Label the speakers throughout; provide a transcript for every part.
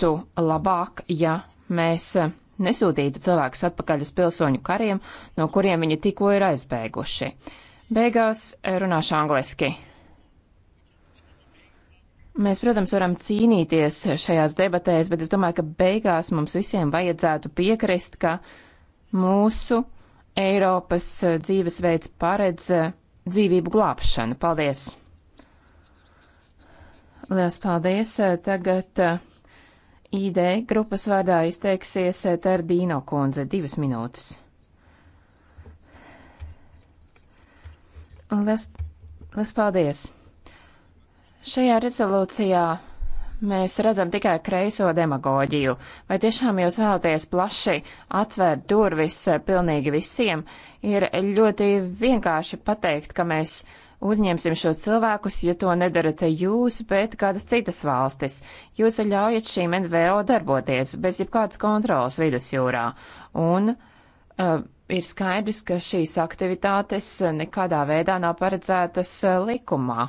Speaker 1: būtu labāk, ja mēs nesūtītu cilvēkus atpakaļ uz pilsoņu kariem, no kuriem viņi tikko ir aizbēguši. Beigās runāšu angliski. Mēs, protams, varam cīnīties šajās debatēs, bet es domāju, ka beigās mums visiem vajadzētu piekrist, ka mūsu Eiropas dzīvesveids paredz dzīvību glābšanu. Paldies! Lielas paldies! Tagad ID grupas vārdā izteiksies Tardīno kundze divas minūtes. Lies, lies paldies! Šajā rezolūcijā mēs redzam tikai kreiso demagoģiju. Vai tiešām jūs vēlaties plaši atvērt durvis pilnīgi visiem? Ir ļoti vienkārši pateikt, ka mēs uzņemsim šos cilvēkus, ja to nedarat jūs, bet kādas citas valstis. Jūs ļaujat šīm NVO darboties bez jebkādas kontrolas vidusjūrā. Un uh, ir skaidrs, ka šīs aktivitātes nekādā veidā nav paredzētas uh, likumā.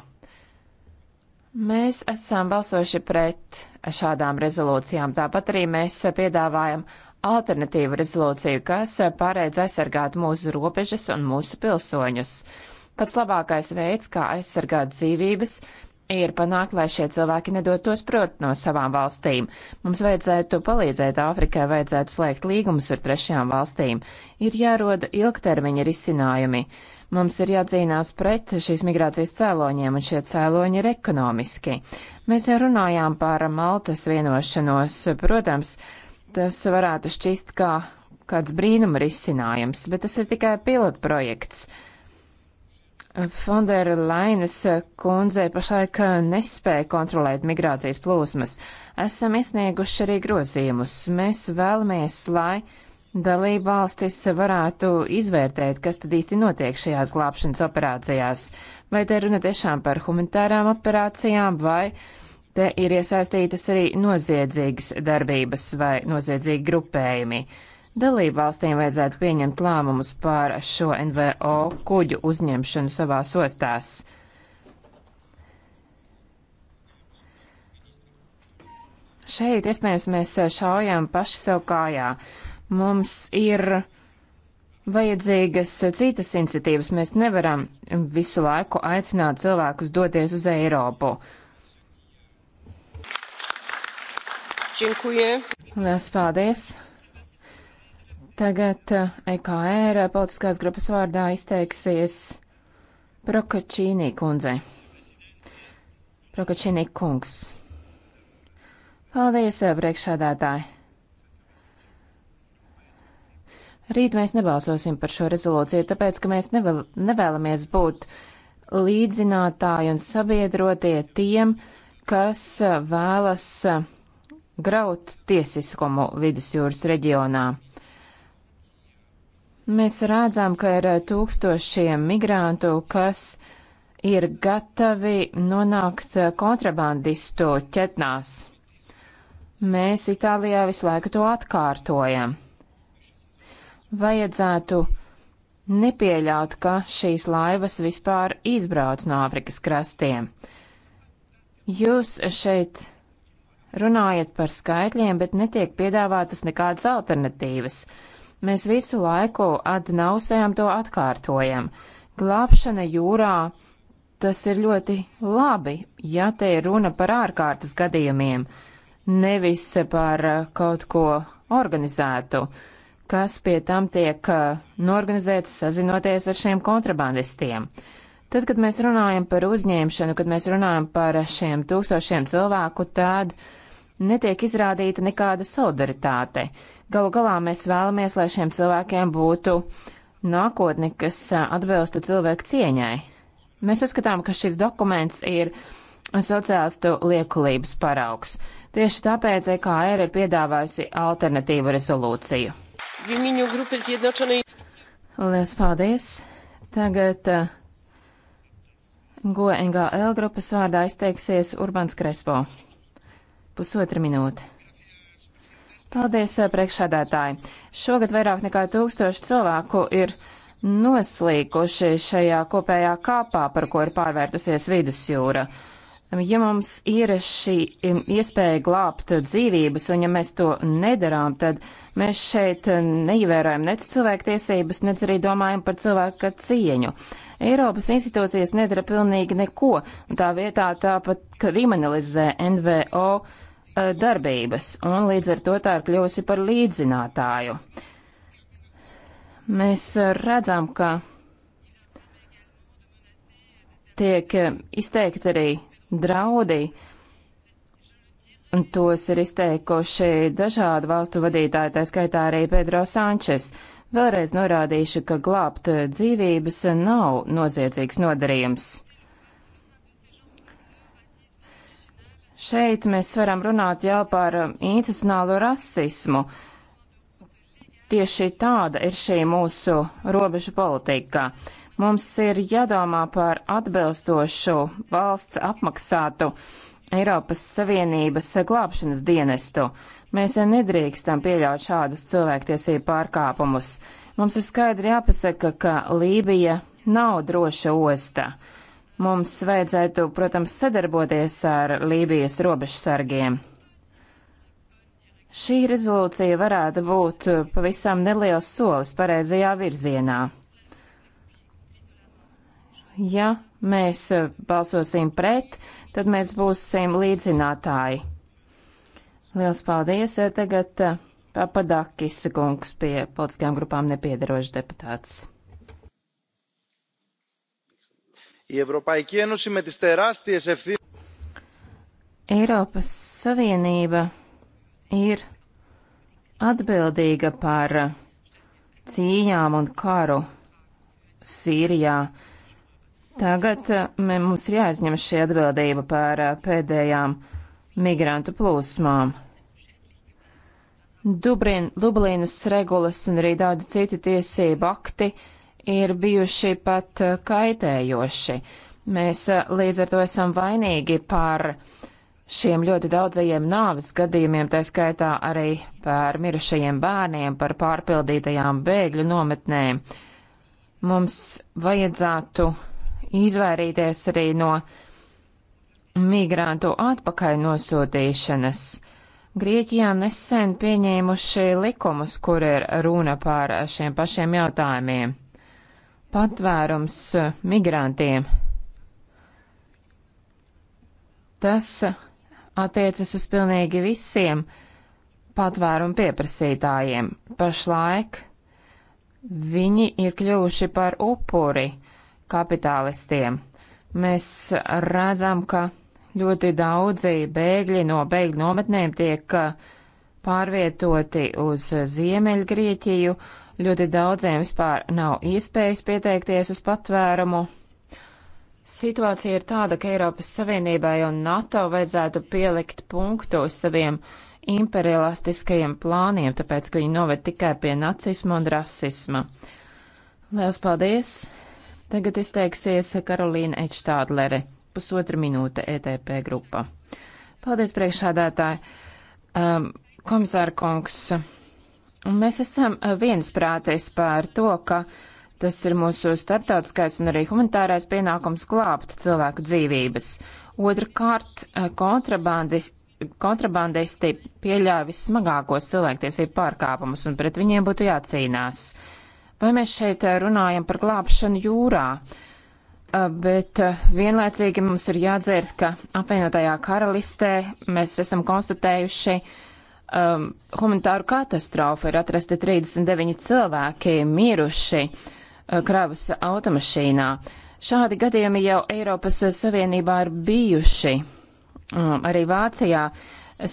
Speaker 1: Mēs esam balsojuši pret šādām rezolūcijām. Tāpat arī mēs piedāvājam alternatīvu rezolūciju, kas uh, paredz aizsargāt mūsu robežas un mūsu pilsoņus. Uh, Pats labākais veids, kā aizsargāt dzīvības, ir panākt, lai šie cilvēki nedotos prot no savām valstīm. Mums vajadzētu palīdzēt Āfrikai, vajadzētu slēgt līgumus ar trešajām valstīm. Ir jāroda ilgtermiņa risinājumi. Mums ir jācīnās pret šīs migrācijas cēloņiem, un šie cēloņi ir ekonomiski. Mēs jau runājām par Maltas vienošanos. Protams, tas varētu šķist kā kāds brīnuma risinājums, bet tas ir tikai pilotprojekts. projekts Fondera Lainas kundzei pašlaik eh, nespēja kontrolēt migrācijas plūsmas. Esam iesnieguši arī grozījumus. Mēs vēlamies, lai dalība valstis varētu izvērtēt, kas tad īsti notiek šajās glābšanas operācijās. Vai te runa tiešām par humanitārām operācijām vai te ir iesaistītas arī noziedzīgas darbības vai noziedzīgi grupējumi. Uh, Dalību valstīm vajadzētu pieņemt lēmumus par šo NVO kuģu uzņemšanu savās ostās. Šeit, iespējams, mēs šaujam paši sev kājā. Mums ir vajadzīgas citas iniciatīvas. Mēs nevaram visu laiku aicināt cilvēkus doties uz Eiropu. Dziękuję. Lielas paldies! Tagad EKR eh, e eh, politiskās grupas vārdā izteiksies Prokačīnī kundzei. Prokačīnī kungs. Paldies, eh, priekšādātāji. Rīt mēs nebalsosim par šo rezolūciju, tāpēc, ka mēs nevēl, nevēlamies būt līdzinātāji un sabiedrotie tiem, kas vēlas graut tiesiskumu vidusjūras reģionā. Mēs redzam, ka ir eh, tūkstošiem migrantu, kas ir gatavi nonākt eh, kontrabandistu ķetnās. Mēs Itālijā visu laiku to atkārtojam. Vajadzētu nepieļaut, ka šīs laivas vispār izbrauc no Āfrikas krastiem. Jūs šeit runājat par skaitļiem, bet netiek piedāvātas nekādas alternatīvas. Mēs visu laiku adnausējam to atkārtojam. Glābšana jūrā tas ir ļoti labi, ja te ir runa par ārkārtas gadījumiem, nevis par uh, kaut ko organizētu, kas pie tam tiek uh, norganizēts sazinoties ar šiem kontrabandistiem. Tad, kad mēs runājam par uzņemšanu, kad mēs runājam par šiem tūkstošiem cilvēku, tad uh, netiek izrādīta nekāda solidaritāte. Galu galā mēs vēlamies, lai šiem cilvēkiem būtu nākotne, kas atbilstu cilvēku cieņai. Mēs uzskatām, ka šis dokuments ir sociālistu liekulības paraugs. Tieši tāpēc EKR ir piedāvājusi alternatīvu rezolūciju. Lielas paldies! Tagad uh, GoNGL grupas vārdā izteiksies Urbans Krespo. Pusotra minūte. Paldies, eh, priekšādātāji. Šogad vairāk nekā tūkstoši cilvēku ir noslīkuši šajā kopējā kāpā, par ko ir pārvērtusies vidusjūra. Ja mums ir šī iespēja glābt dzīvības, un ja mēs to nedarām, tad mēs šeit neievērojam nec cilvēktiesības, nec arī domājam par cilvēka cieņu. Eiropas institūcijas nedara pilnīgi neko, un tā vietā tāpat kriminalizē NVO eh, darbības, un līdz ar to tā ir kļuvusi par līdzinātāju. Mēs eh, redzam, ka tiek izteikti arī draudi. Un tos ir izteikuši dažādu valstu vadītāji, tā skaitā arī Pedro Sančes. Vēlreiz norādīšu, ka glābt dzīvības nav noziedzīgs nodarījums. Šeit mēs varam runāt jau par institucionālo rasismu. Tieši tāda ir šī mūsu robežu politika. Mums ir jādomā par atbilstošu valsts apmaksātu Eiropas Savienības glābšanas dienestu. Mēs nedrīkstam pieļaut šādus cilvēktiesību pārkāpumus. Mums ir skaidri jāpasaka, ka Lībija nav droša ostā. Mums vajadzētu, protams, sadarboties ar Lībijas robežsargiem. Šī rezolūcija varētu būt pavisam neliels solis pareizajā virzienā ja mēs eh, balsosim pret, tad mēs būsim līdzinātāji. Liels paldies! Eh, tagad eh, Papadakis kungs pie politiskajām grupām nepiedarošs deputāts. Eiropas Savienība ir atbildīga par cīņām un karu Sīrijā. Tagad uh, mums ir jāizņem šī atbildība par uh, pēdējām migrantu plūsmām. Dubrin, Lublīnas regulas un arī daudz citi tiesību akti ir bijuši pat uh, kaitējoši. Mēs līdz ar to esam vainīgi par šiem ļoti daudzajiem nāves gadījumiem, tā skaitā arī par mirušajiem bērniem, par pārpildītajām bēgļu nometnēm. Mums vajadzētu izvairīties arī no migrantu atpakaļ nosūtīšanas. Grieķijā nesen pieņēmuši likumus, kur ir runa par šiem pašiem jautājumiem. Patvērums migrantiem. Tas attiecas uz pilnīgi visiem patvērumu pieprasītājiem. Pašlaik viņi ir kļuvuši par upuri kapitālistiem. Mēs redzam, ka ļoti daudzi bēgļi no bēgļu nometnēm tiek uh, pārvietoti uz Ziemeļgrieķiju, ļoti daudziem vispār nav iespējas pieteikties uz patvērumu. Situācija ir tāda, ka Eiropas Savienībai un NATO vajadzētu pielikt punktu uz saviem imperialistiskajiem plāniem, tāpēc, ka viņi noved tikai pie nacisma un rasisma. Lielas paldies! Tagad izteiksies Karolīna Ečtādlere, pusotra minūte ETP grupa. Paldies, priekšādātāji. Um, komisāra kungs, mēs esam viensprātais par to, ka tas ir mūsu starptautiskais un arī humanitārais pienākums glābt cilvēku dzīvības. Otrakārt, kontrabandis, kontrabandisti pieļāvis smagākos cilvēktiesību pārkāpumus, un pret viņiem būtu jācīnās. Uh, Vai mēs šeit eh, runājam par glābšanu jūrā? Eh, bet eh, vienlaicīgi mums ir jādzird, ka apvienotajā karalistē mēs esam konstatējuši um, humanitāru katastrofu. Ir atrasti 39 cilvēki miruši uh, kravas automašīnā. Šādi gadījumi jau Eiropas Savienībā ir bijuši. Um, arī Vācijā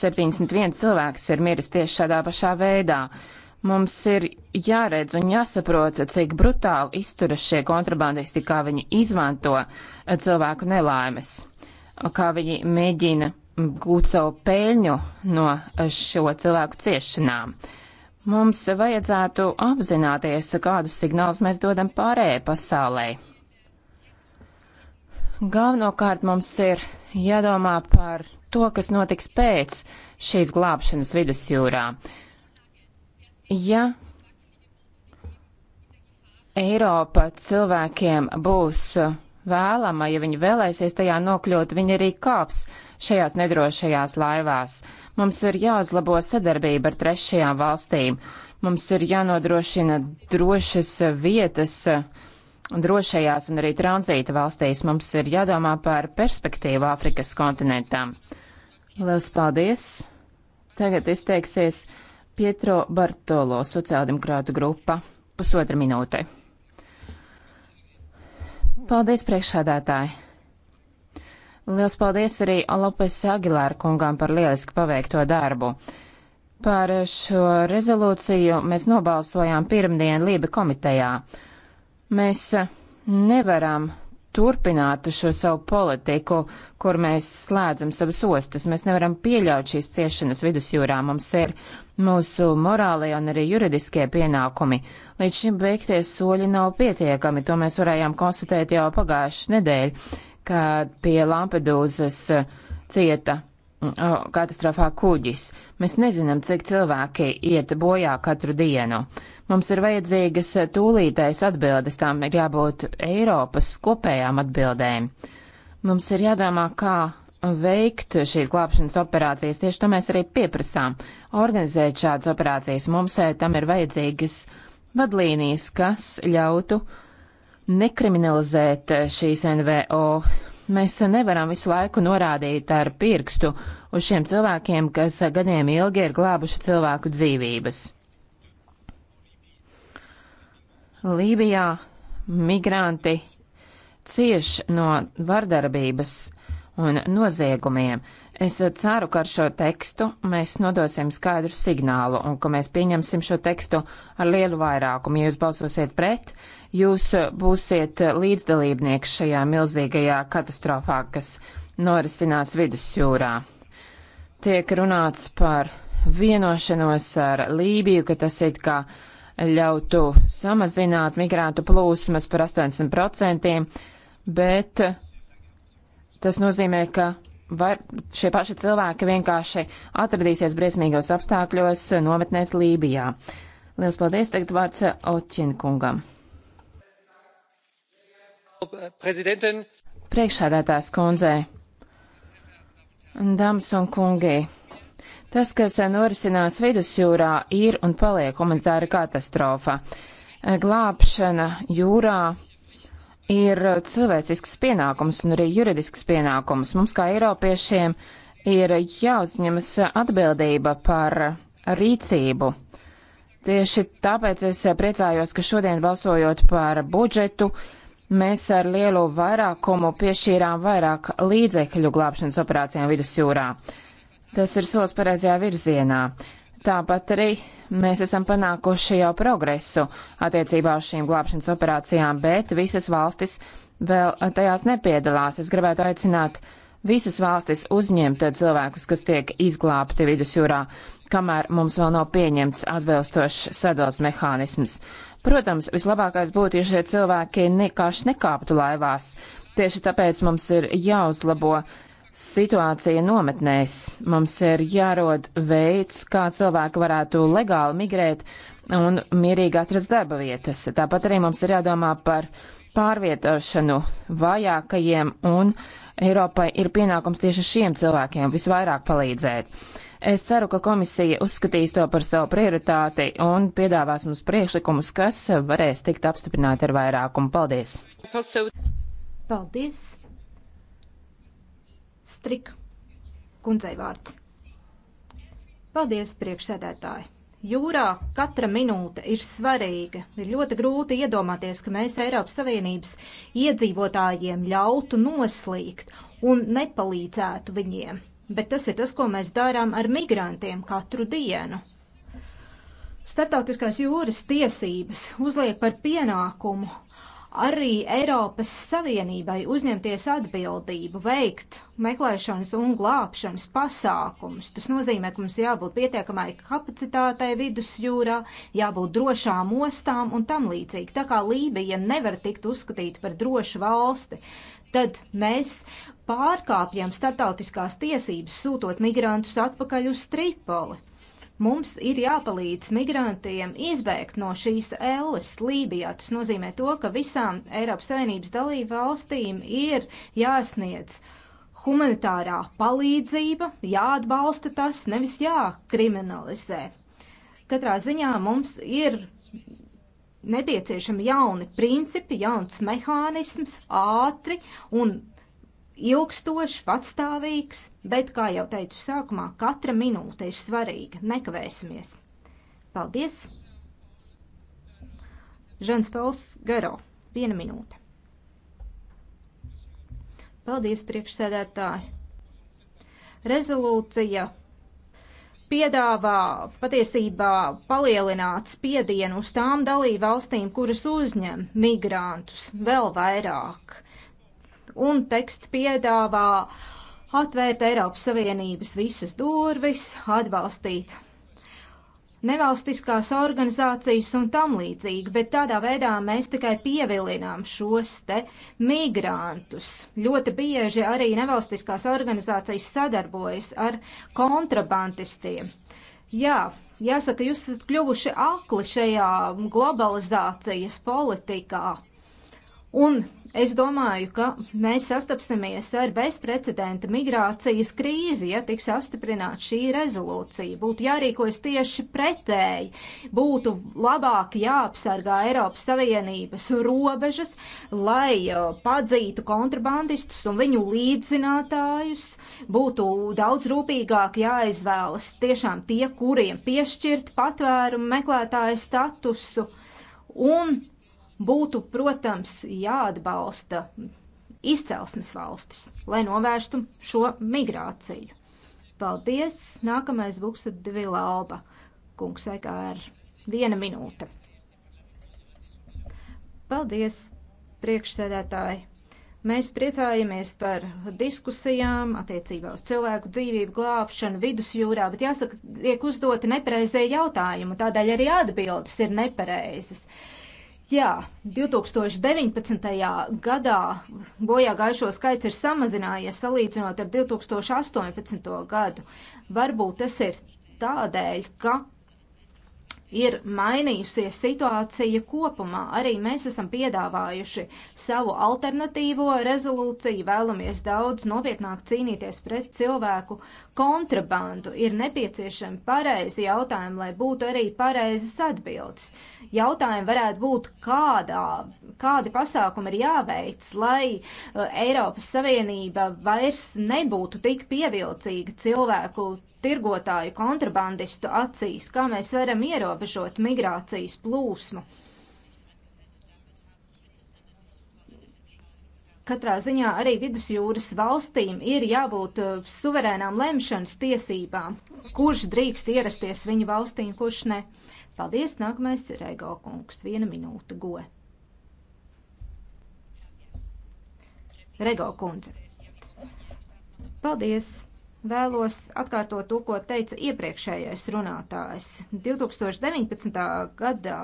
Speaker 1: 71 cilvēks ir miris tieši šādā pašā veidā. Uh, Mums ir jāredz un jāsaprot, cik brutāli izturas šie kontrabandisti, kā viņi izmanto eh, cilvēku nelaimes, kā viņi mēģina gūt savu peļņu no eh, šo cilvēku ciešanām. Mums vajadzētu apzināties, kādus signālus mēs dodam pārējai pasaulē. Galvenokārt mums ir jādomā par to, kas notiks pēc šīs glābšanas vidusjūrā. Ja Eiropa cilvēkiem būs vēlama, ja viņi vēlēsies tajā nokļūt, viņi arī kāps šajās nedrošajās laivās. Mums ir jāuzlabo sadarbība ar trešajām valstīm. Mums ir jānodrošina drošas vietas drošajās un arī tranzīta valstīs. Mums ir jādomā par perspektīvu Āfrikas kontinentam. Lielas paldies! Tagad izteiksies. Pietro Bartolo, sociāldemokrātu grupa. Pusotra minūte. Paldies, priekšādātāji! Liels paldies arī Lopes Agilēra kungām par lieliski paveikto darbu. Par šo rezolūciju mēs nobalsojām pirmdien Lība komitejā. Mēs nevaram turpinātu šo savu politiku, kur mēs slēdzam savas ostas. Mēs nevaram pieļaut šīs ciešanas vidusjūrā. Mums ir mūsu morālie un arī juridiskie pienākumi. Līdz šim beigtie soļi nav pietiekami. To mēs varējām konstatēt jau pagājušas nedēļa, kad pie Lampedūzas cieta katastrofā kuģis. Mēs nezinām, cik cilvēki iet bojā katru dienu. Mums ir vajadzīgas tūlītējas atbildes, tām ir jābūt Eiropas kopējām atbildēm. Mums ir jādomā, kā veikt šīs glābšanas operācijas, tieši to mēs arī pieprasām. Organizēt šādas operācijas mums eh, tam ir vajadzīgas vadlīnijas, kas ļautu nekriminalizēt eh, šīs NVO Mēs nevaram visu laiku norādīt ar pirkstu uz šiem cilvēkiem, kas gadiem ilgi ir glābuši cilvēku dzīvības. Lībijā migranti cieš no vardarbības, un noziegumiem. Es ceru, ka ar šo tekstu mēs nodosim skaidru signālu un ka mēs pieņemsim šo tekstu ar lielu vairākumu. Ja jūs balsosiet pret, jūs būsiet līdzdalībnieks šajā milzīgajā katastrofā, kas norisinās vidusjūrā. Tiek runāts par vienošanos ar Lībiju, ka tas it kā ļautu samazināt migrāntu plūsmas par 80%, bet Tas nozīmē, ka var, šie paši cilvēki vienkārši atradīsies briesmīgos apstākļos nometnēs Lībijā. Lielas paldies, tagad vārds Oķinkungam. Priekšādātās kundzē, dāmas un kungi, tas, kas norisinās vidusjūrā, ir un paliek humanitāra katastrofa. Glābšana jūrā ir uh, cilvēcisks pienākums un arī juridisks pienākums. Mums kā Eiropiešiem ir jāuzņemas atbildība par rīcību. Tieši tāpēc es priecājos, ka šodien balsojot par budžetu, mēs ar lielu vairākumu piešķīrām vairāk līdzekļu glābšanas operācijām vidusjūrā. Tas ir solis pareizajā virzienā. Tāpat arī mēs esam panākuši jau progresu attiecībā uz šīm glābšanas operācijām, bet visas valstis vēl tajās nepiedalās. Es gribētu aicināt visas valstis uzņemt cilvēkus, kas tiek izglābti vidusjūrā, kamēr mums vēl nav pieņemts atbilstošs sadalas mehānisms. Protams, vislabākais būtu, ja šie cilvēki nekāši nekāptu laivās. Tieši tāpēc mums ir jāuzlabo uh, situācija nometnēs. Mums ir jārod veids, kā cilvēki varētu legāli migrēt un mierīgi atrast darba vietas. Tāpat arī mums ir jādomā par pārvietošanu vājākajiem, un Eiropai ir pienākums tieši šiem cilvēkiem visvairāk palīdzēt. Es ceru, ka komisija uzskatīs to par savu prioritāti un piedāvās mums priekšlikumus, kas varēs tikt apstiprināti ar vairākumu. Paldies!
Speaker 2: Paldies! Strik kundzei vārds. Paldies, priekšsēdētāji! Jūrā katra minūte ir svarīga. Ir ļoti grūti iedomāties, ka mēs Eiropas Savienības iedzīvotājiem ļautu noslīgt un nepalīdzētu viņiem. Bet tas ir tas, ko mēs darām ar migrantiem katru dienu. Startautiskās jūras tiesības uzliek par pienākumu arī Eiropas Savienībai uzņemties atbildību, veikt meklēšanas un glābšanas pasākumus. Tas nozīmē, ka mums jābūt pietiekamai kapacitātei vidusjūrā, jābūt drošām ostām un tam līdzīgi. Tā kā Lībija nevar tikt uzskatīta par drošu valsti, tad mēs pārkāpjam starptautiskās tiesības sūtot migrantus atpakaļ uz Tripoli. Mums ir jāpalīdz migrantiem izbēgt no šīs elles Lībijā. Tas nozīmē to, ka visām Eiropas Savienības dalību valstīm ir jāsniedz humanitārā palīdzība, jāatbalsta tas, nevis jākriminalizē. Katrā ziņā mums ir nepieciešami jauni principi, jauns mehānisms, ātri un ilgstošs, patstāvīgs, bet, kā jau teicu sākumā, katra minūte ir svarīga. Nekavēsimies. Paldies! Žans Pauls Garo, viena minūte. Paldies, priekšsēdētāji! Rezolūcija piedāvā patiesībā palielināt spiedienu uz tām dalību valstīm, kuras uzņem migrantus vēl vairāk un teksts piedāvā atvērt Eiropas Savienības visas durvis, atbalstīt nevalstiskās organizācijas un tam līdzīgi, bet tādā veidā mēs tikai pievilinām šos te migrantus. Ļoti bieži arī nevalstiskās organizācijas sadarbojas ar kontrabantistiem. Jā, jāsaka, jūs esat kļuvuši akli šajā globalizācijas politikā. Un Es domāju, ka mēs sastapsimies ar bezprecedenta migrācijas krīzi, ja tiks apstiprināta šī rezolūcija. Būtu jārīkojas tieši pretēji. Būtu labāk jāapsargā Eiropas Savienības robežas, lai uh, padzītu kontrabandistus un viņu līdzinātājus. Būtu daudz rūpīgāk jāizvēlas tiešām tie, kuriem piešķirt patvērumu meklētāju statusu. Un būtu, protams, jāatbalsta izcelsmes valstis, lai novērstu šo migrāciju. Paldies! Nākamais būs Dvila Alba. Kungs, kā ar viena minūte. Paldies, priekšsēdētāji! Mēs priecājamies par diskusijām attiecībā uz cilvēku dzīvību glābšanu vidusjūrā, bet jāsaka, tiek uzdoti nepareizie jautājumi, tādēļ arī atbildes ir nepareizas. Uh, Jā, 2019. gadā bojā gājušo skaits ir samazinājies salīdzinot ar 2018. gadu. Varbūt tas ir tādēļ, ka ir mainījusies situācija kopumā. Arī mēs esam piedāvājuši savu alternatīvo rezolūciju, vēlamies daudz nopietnāk cīnīties pret cilvēku kontrabandu. Ir nepieciešami pareizi jautājumi, lai būtu arī pareizas atbildes. Jautājumi varētu būt, kādā, kādi pasākumi ir jāveic, lai uh, Eiropas Savienība vairs nebūtu tik pievilcīga cilvēku tirgotāju kontrabandistu acīs, kā mēs varam ierobežot migrācijas plūsmu. Katrā ziņā arī vidusjūras valstīm ir jābūt uh, suverēnām lemšanas tiesībām, kurš drīkst ierasties viņu valstīm, kurš ne. Paldies, nākamais ir Ego kungs, viena minūte goe. Rego kundze. Paldies! vēlos atkārtot to, ko teica iepriekšējais runātājs. 2019. gadā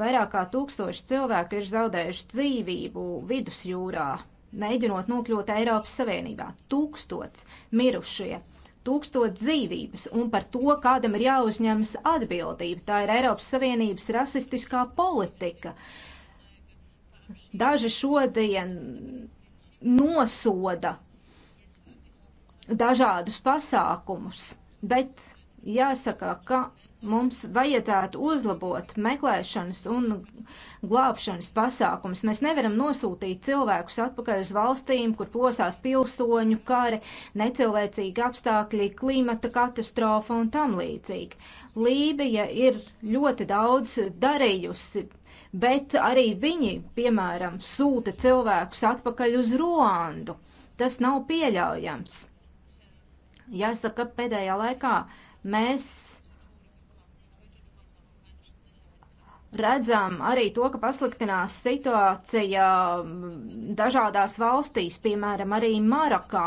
Speaker 2: vairāk kā tūkstoši cilvēku ir zaudējuši dzīvību vidusjūrā, mēģinot nokļūt Eiropas Savienībā. Tūkstots mirušie tūkstot dzīvības un par to, kādam ir jāuzņemas atbildība. Tā ir Eiropas Savienības rasistiskā politika. Daži šodien nosoda dažādus pasākumus, bet jāsaka, ka mums vajadzētu uzlabot meklēšanas un glābšanas pasākums. Mēs nevaram nosūtīt cilvēkus atpakaļ uz valstīm, kur plosās pilsoņu kari, necilvēcīgi apstākļi, klimata katastrofa un tam līdzīgi. Lībija ir ļoti daudz darījusi, bet arī viņi, piemēram, sūta cilvēkus atpakaļ uz Ruandu. Tas nav pieļaujams. Jāsaka, pēdējā laikā mēs redzam arī to, ka pasliktinās situācija dažādās valstīs, piemēram, arī Marokā.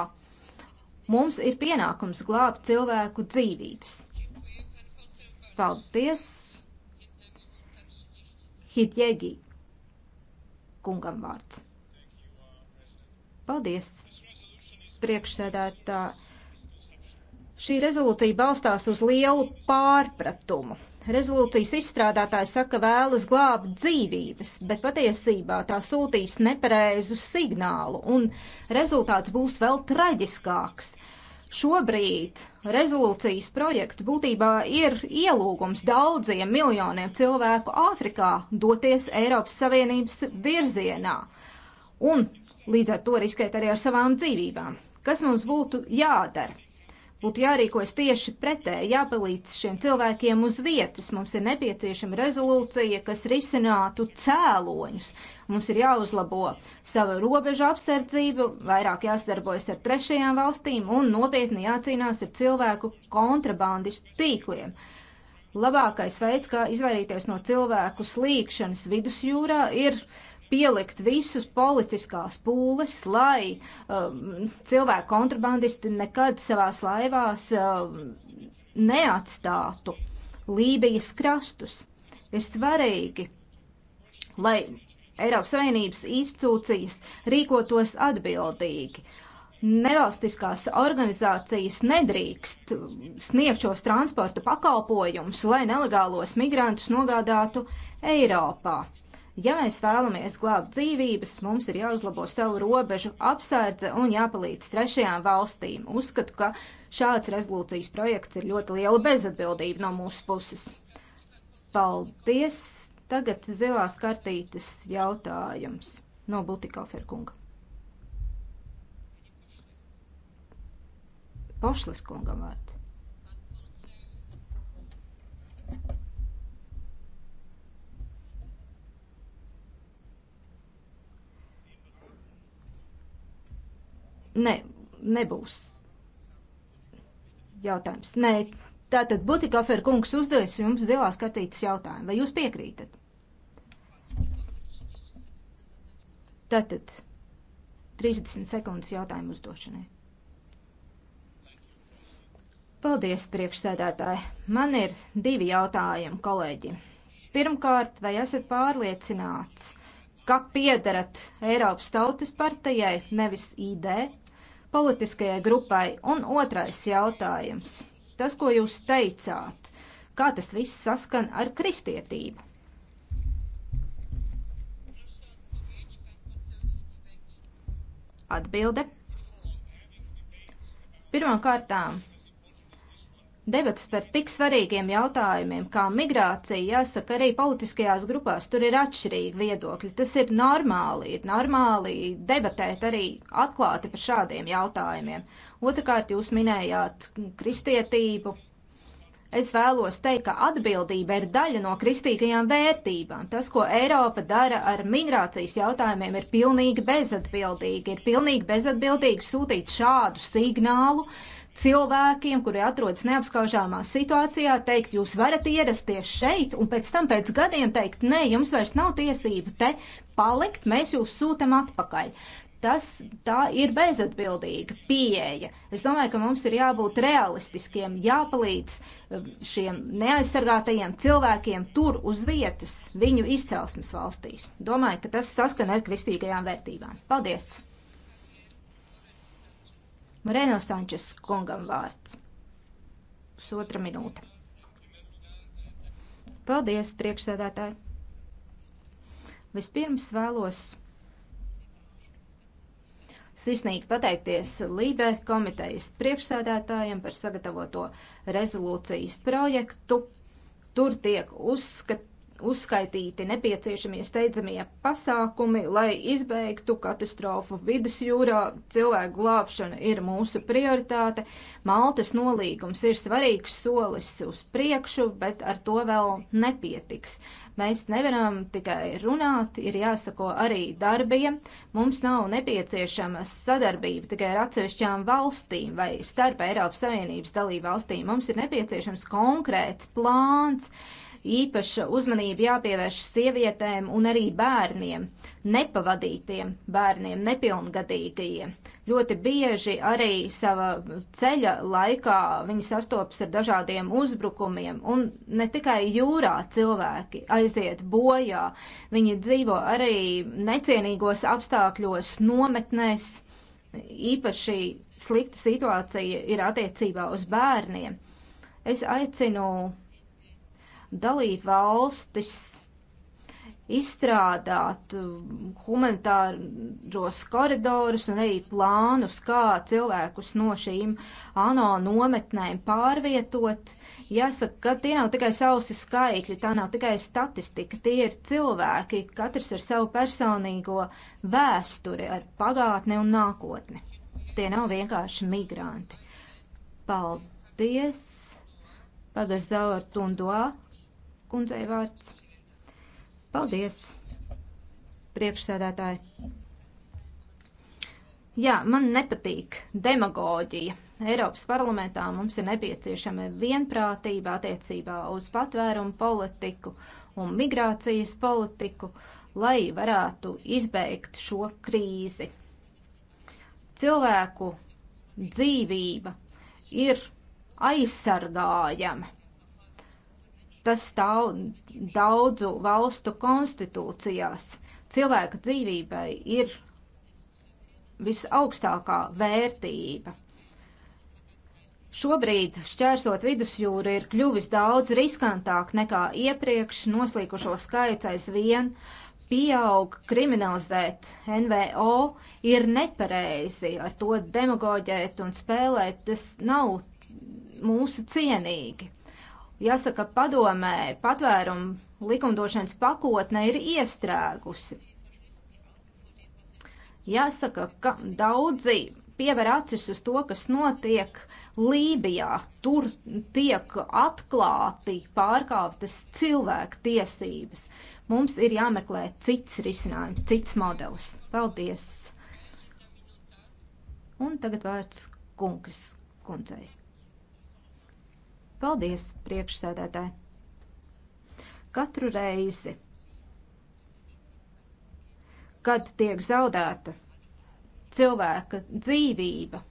Speaker 2: Mums ir pienākums glābt cilvēku dzīvības. Paldies Hitjegi kungam vārds. Paldies, priekšsēdētāji Šī rezolūcija balstās uz lielu pārpratumu. Rezolūcijas izstrādātājs saka, vēlas glābt dzīvības, bet patiesībā tā sūtīs nepareizu signālu, un rezultāts būs vēl traģiskāks. Šobrīd rezolūcijas projekts būtībā ir ielūgums daudziem miljoniem cilvēku Āfrikā doties Eiropas Savienības virzienā, un līdz ar to riskēt arī ar savām dzīvībām. Kas mums būtu jādara? Būtu jārīkojas tieši pretēji, jāpalīdz šiem cilvēkiem uz vietas. Mums ir nepieciešama rezolūcija, kas risinātu cēloņus. Mums ir jāuzlabo sava robeža apsardzība, vairāk jāsadarbojas ar trešajām valstīm un nopietni jācīnās ar cilvēku kontrabandistu tīkliem. Labākais veids, kā izvairīties no cilvēku slīkšanas vidusjūrā, ir pielikt visus politiskās pūles, lai um, cilvēku kontrabandisti nekad savās laivās um, neatstātu Lībijas krastus. Ir svarīgi, lai Eiropas Savienības institūcijas rīkotos atbildīgi. Nevalstiskās organizācijas nedrīkst sniegt šos transporta pakalpojumus, lai nelegālos migrantus nogādātu Eiropā. Ja mēs vēlamies glābt dzīvības, mums ir jāuzlabo savu robežu apsardze un jāpalīdz trešajām valstīm. Uzskatu, ka šāds rezolūcijas projekts ir ļoti liela bezatbildība no mūsu puses. Paldies! Tagad zilās kartītes jautājums no Butikoferkunga. Pošlis kungam vārds. Nē, nebūs. Jautājums. Nē, tātad Butikofer kungs uzdevis jums zilās kartītes jautājumu. Vai jūs piekrītat? Tātad 30 sekundes jautājumu uzdošanai. Paldies, priekšsēdētāji. Man ir divi jautājumi, kolēģi. Pirmkārt, vai esat pārliecināts, ka piedarat Eiropas Tautas partijai, nevis ID, politiskajai grupai. Un otrais jautājums - tas, ko jūs teicāt, kā tas viss saskan ar kristietību? Atbilde. Pirmkārtām, Debats par tik svarīgiem jautājumiem kā migrācija, jāsaka, arī politiskajās grupās tur ir atšķirīgi viedokļi. Tas ir normāli, ir normāli debatēt arī atklāti par šādiem jautājumiem. Otrakārt, jūs minējāt kristietību. Es vēlos teikt, ka atbildība ir daļa no kristīgajām vērtībām. Tas, ko Eiropa dara ar migrācijas jautājumiem, ir pilnīgi bezatbildīgi. Ir pilnīgi bezatbildīgi sūtīt šādu signālu, uh, cilvēkiem, kuri atrodas neapskaužāmā situācijā, teikt, jūs varat ierasties šeit, un pēc tam pēc gadiem teikt, nē, jums vairs nav tiesību te palikt, mēs jūs sūtam atpakaļ. Tas tā ir bezatbildīga pieeja. Es domāju, ka mums ir jābūt realistiskiem, jāpalīdz um, šiem neaizsargātajiem cilvēkiem tur uz vietas, viņu izcelsmes valstīs. Domāju, ka tas saskan ar kristīgajām vērtībām. Paldies! Moreno Sančes kungam vārds. Pusotra minūte. Paldies, priekšsēdētāji! Vispirms vēlos sirsnīgi pateikties Lībe komitejas priekšsēdētājiem par sagatavoto rezolūcijas projektu. Tur tiek uzskat, uzskaitīti nepieciešamie steidzamie pasākumi, lai izbeigtu katastrofu vidusjūrā. Cilvēku glābšana ir mūsu prioritāte. Maltas nolīgums ir svarīgs solis uz priekšu, bet ar to vēl nepietiks. Mēs nevaram tikai runāt, ir jāsako arī darbiem. Mums nav nepieciešama sadarbība tikai ar atsevišķām valstīm vai starp Eiropas Savienības dalību valstīm. Mums ir nepieciešams konkrēts plāns. Uh, īpaša uzmanība jāpievērš sievietēm un arī bērniem, nepavadītiem bērniem, nepilngadīgajiem. Ļoti bieži arī sava ceļa laikā viņi sastopas ar dažādiem uzbrukumiem, un ne tikai jūrā cilvēki aiziet bojā, viņi dzīvo arī necienīgos apstākļos, nometnēs. Īpaši slikta situācija ir attiecībā uz bērniem. Es aicinu dalību valstis izstrādāt um, humanitāros koridorus un arī plānus, kā cilvēkus no šīm ANO nometnēm pārvietot. Jāsaka, ka tie nav tikai sausi skaitļi, tā nav tikai statistika, tie ir cilvēki, katrs ar savu personīgo vēsturi, ar pagātni un nākotni. Tie nav vienkārši migranti. Paldies! Pagazaur tunduā! kundzei vārds. Paldies, priekšsēdētāji. Jā, man nepatīk demagoģija. Eiropas parlamentā mums ir nepieciešama vienprātība attiecībā uz patvērumu politiku un migrācijas politiku, lai varētu izbeigt šo krīzi. Cilvēku dzīvība ir aizsargājama. Tas stāv daudzu valstu konstitūcijās. Cilvēka dzīvībai ir visaugstākā vērtība. Šobrīd šķērsot vidusjūru ir kļuvis daudz riskantāk nekā iepriekš noslīkušo skaits aizvien pieaug kriminalizēt NVO ir nepareizi ar to demagoģēt un spēlēt, tas nav mūsu cienīgi. Jāsaka, padomē patvērumu likumdošanas pakotne ir iestrēgusi. Jāsaka, ka daudzi piever acis uz to, kas notiek Lībijā. Tur tiek atklāti pārkāptas cilvēku tiesības. Mums ir jāmeklē cits risinājums, cits modelis. Paldies! Un tagad vārds kungas kundzei. Paldies, priekšsēdētāji! Katru reizi, kad tiek zaudēta cilvēka dzīvība,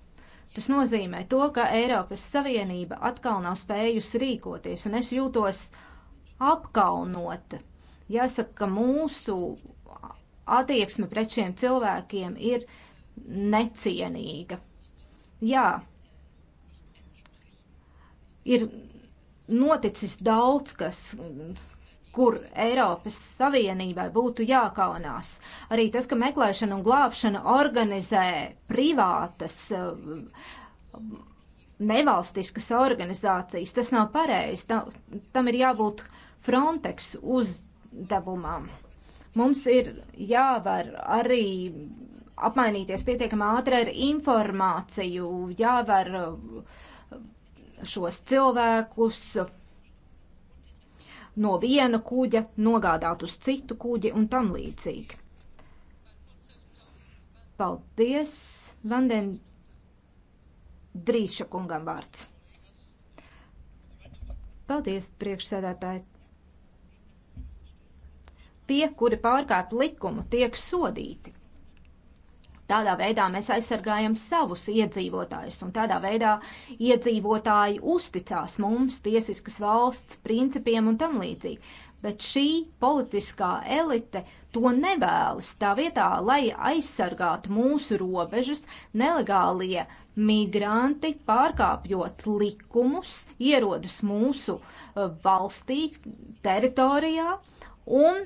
Speaker 2: tas nozīmē to, ka Eiropas Savienība atkal nav spējusi rīkoties, un es jūtos apkaunota. Jāsaka, ka mūsu attieksme pret šiem cilvēkiem ir necienīga. Jā, ir noticis daudz kas, kur Eiropas Savienībai būtu jākaunās. Arī tas, ka meklēšana un glābšana organizē privātas nevalstiskas organizācijas, tas nav pareizi. Ta, tam ir jābūt Frontex uzdevumam. Mums ir jāvar arī apmainīties pietiekami ātri ar informāciju, jāvar uh, šos cilvēkus no viena kuģa nogādāt uz citu kuģi un tam līdzīgi. Paldies, Vanden Drīša kungam vārds. Paldies, priekšsēdētāji. Tie, kuri pārkāp likumu, tiek sodīti. Tādā veidā mēs aizsargājam savus iedzīvotājus, un tādā veidā iedzīvotāji uzticās mums, tiesiskas valsts principiem un tam līdzīgi. Bet šī politiskā elite to nevēlas. Tā vietā, lai aizsargātu mūsu robežas, nelegālie migranti, pārkāpjot likumus, ierodas mūsu uh, valstī, teritorijā, un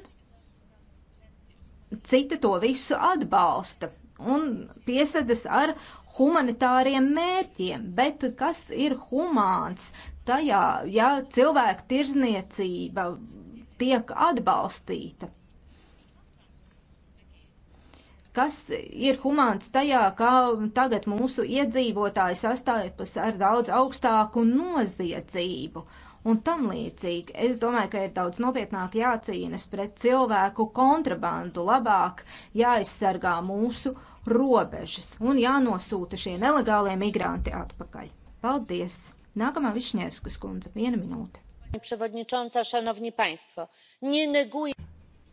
Speaker 2: citi to visu atbalsta un piesedzes ar humanitāriem mērķiem, bet kas ir humāns tajā, ja cilvēku tirzniecība tiek atbalstīta? Kas ir humāns tajā, kā tagad mūsu iedzīvotāji sastāpas ar daudz augstāku noziedzību? un tam līdzīgi. Es domāju, ka ir daudz nopietnāk jācīnas pret cilvēku kontrabandu, labāk jāaizsargā mūsu robežas un jānosūta šie nelegālie migranti atpakaļ. Paldies! Nākamā Višņevskas kundze, viena minūte.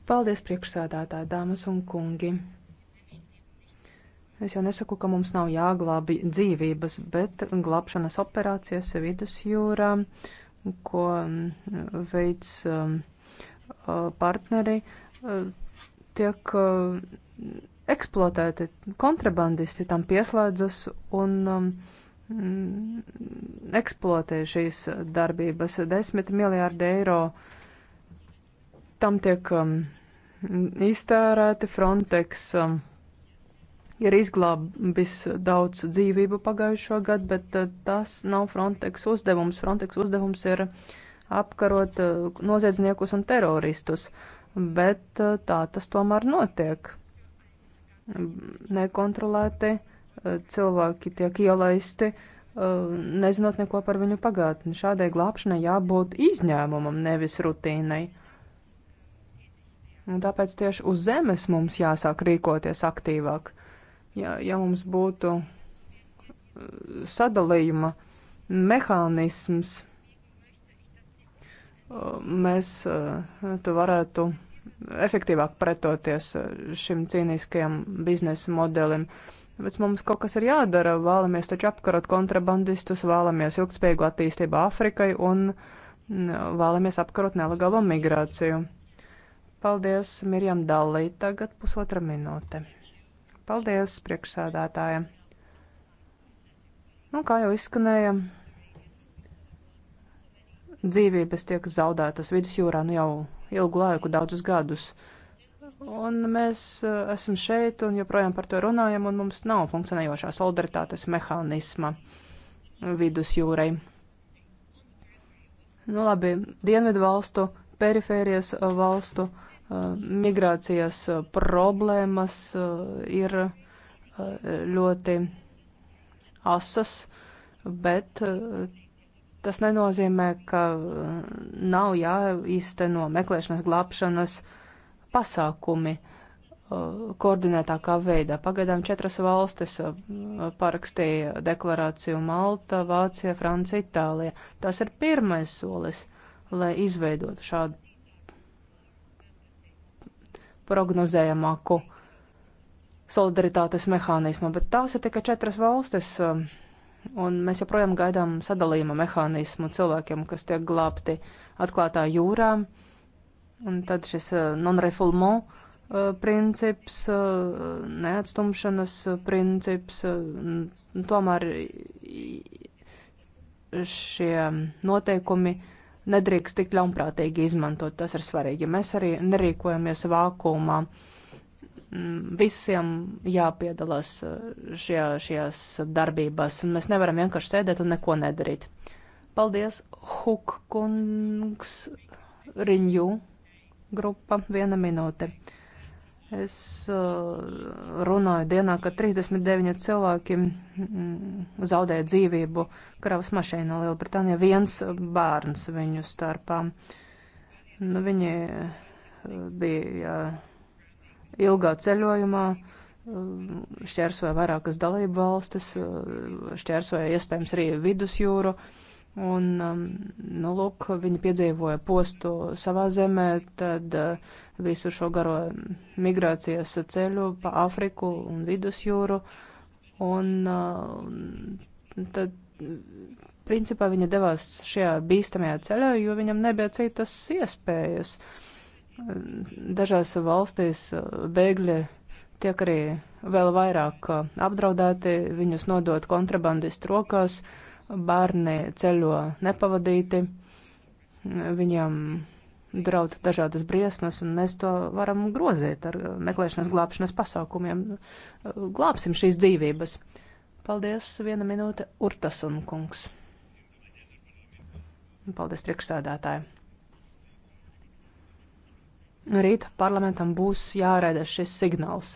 Speaker 3: Paldies, priekšsēdētāji, dāmas un kungi! Es jau nesaku, ka mums nav jāglābi dzīvības, bet glābšanas operācijas vidusjūrā, ko mm, veids mm, partneri, tiek eksploatēti, kontrabandisti tam pieslēdzas un um, mm, eksploatē šīs darbības. Desmit miljārdi eiro tam tiek um, iztērēti. Frontex um, ir izglābis daudz dzīvību pagājušo gadu, bet uh, tas nav Frontex uzdevums. Frontex uzdevums ir apkarot uh, noziedzniekus un teroristus, bet uh, tā tas tomēr notiek nekontrolēti, cilvēki tiek ielaisti, nezinot neko par viņu pagātni. Šādai glābšanai jābūt izņēmumam, nevis rutīnai. Un tāpēc tieši uz zemes mums jāsāk rīkoties aktīvāk. Ja, ja mums būtu eh, sadalījuma mehānisms, eh, mēs eh, to varētu efektīvāk pretoties uh, šim cīniskajam biznesa modelim. Bet mums kaut kas ir jādara, vēlamies taču apkarot kontrabandistus, vēlamies ilgspējīgu attīstību Āfrikai un mm, vēlamies apkarot nelegālo migrāciju. Paldies, Mirjam Dallī, tagad pusotra minūte. Paldies, priekšsēdētāja. Nu, kā jau izskanēja, dzīvības tiek zaudētas vidusjūrā nu jau ilgu laiku, daudzus gadus. Un mēs uh, esam šeit un joprojām par to runājam, un mums nav funkcionējošā solidaritātes mehānisma vidusjūrai. Nu labi, dienvidu valstu, perifērijas valstu uh, migrācijas uh, problēmas ir ļoti asas, bet Tas nenozīmē, ka nav jāizteno meklēšanas glābšanas pasākumi uh, koordinētākā veidā. Pagaidām četras valstis uh, parakstīja deklarāciju Malta, Vācija, Francija, Itālija. Tas ir pirmais solis, lai izveidotu šādu prognozējamāku solidaritātes mehānismu, bet tās ir tikai četras valstis. Uh, un mēs joprojām gaidām sadalījuma mehānismu cilvēkiem, kas tiek glābti atklātā jūrā. Un tad šis uh, non-refoulement uh, princips, uh, neatstumšanas princips, tomēr šie noteikumi nedrīkst tik ļaunprātīgi izmantot. Tas ir svarīgi. Mēs arī nerīkojamies vākumā. Uh, Mm, visiem jāpiedalās eh, šajā, šajās darbībās, un mēs nevaram vienkārši sēdēt un neko nedarīt. Paldies, Huk kungs, Riņju grupa, viena minūte. Es eh, runāju dienā, kad 39 cilvēki mm, zaudēja dzīvību kravas mašīnā Lielbritānijā, viens bērns viņu starpā. Nu, viņi eh, bija. Jā, ilgā ceļojumā, um, šķērsoja vairākas dalību valstis, uh, šķērsoja iespējams arī vidusjūru. Un, um, nu, lūk, viņi piedzīvoja postu savā zemē, tad uh, visu šo garo migrācijas ceļu pa Afriku un vidusjūru. Un uh, tad, principā, viņa devās šajā bīstamajā ceļā, jo viņam nebija citas iespējas. Uh, Dažās valstīs uh, bēgļi tiek arī vēl vairāk uh, apdraudēti, viņus nodot kontrabandistu rokās, bērni ceļo nepavadīti, viņiem draud dažādas briesmas, un mēs to varam grozīt ar meklēšanas glābšanas pasākumiem. Glābsim šīs dzīvības. Paldies, viena minūte, Urtas un kungs. Paldies, priekšsēdētāji. Rīt parlamentam būs jāraida šis signāls.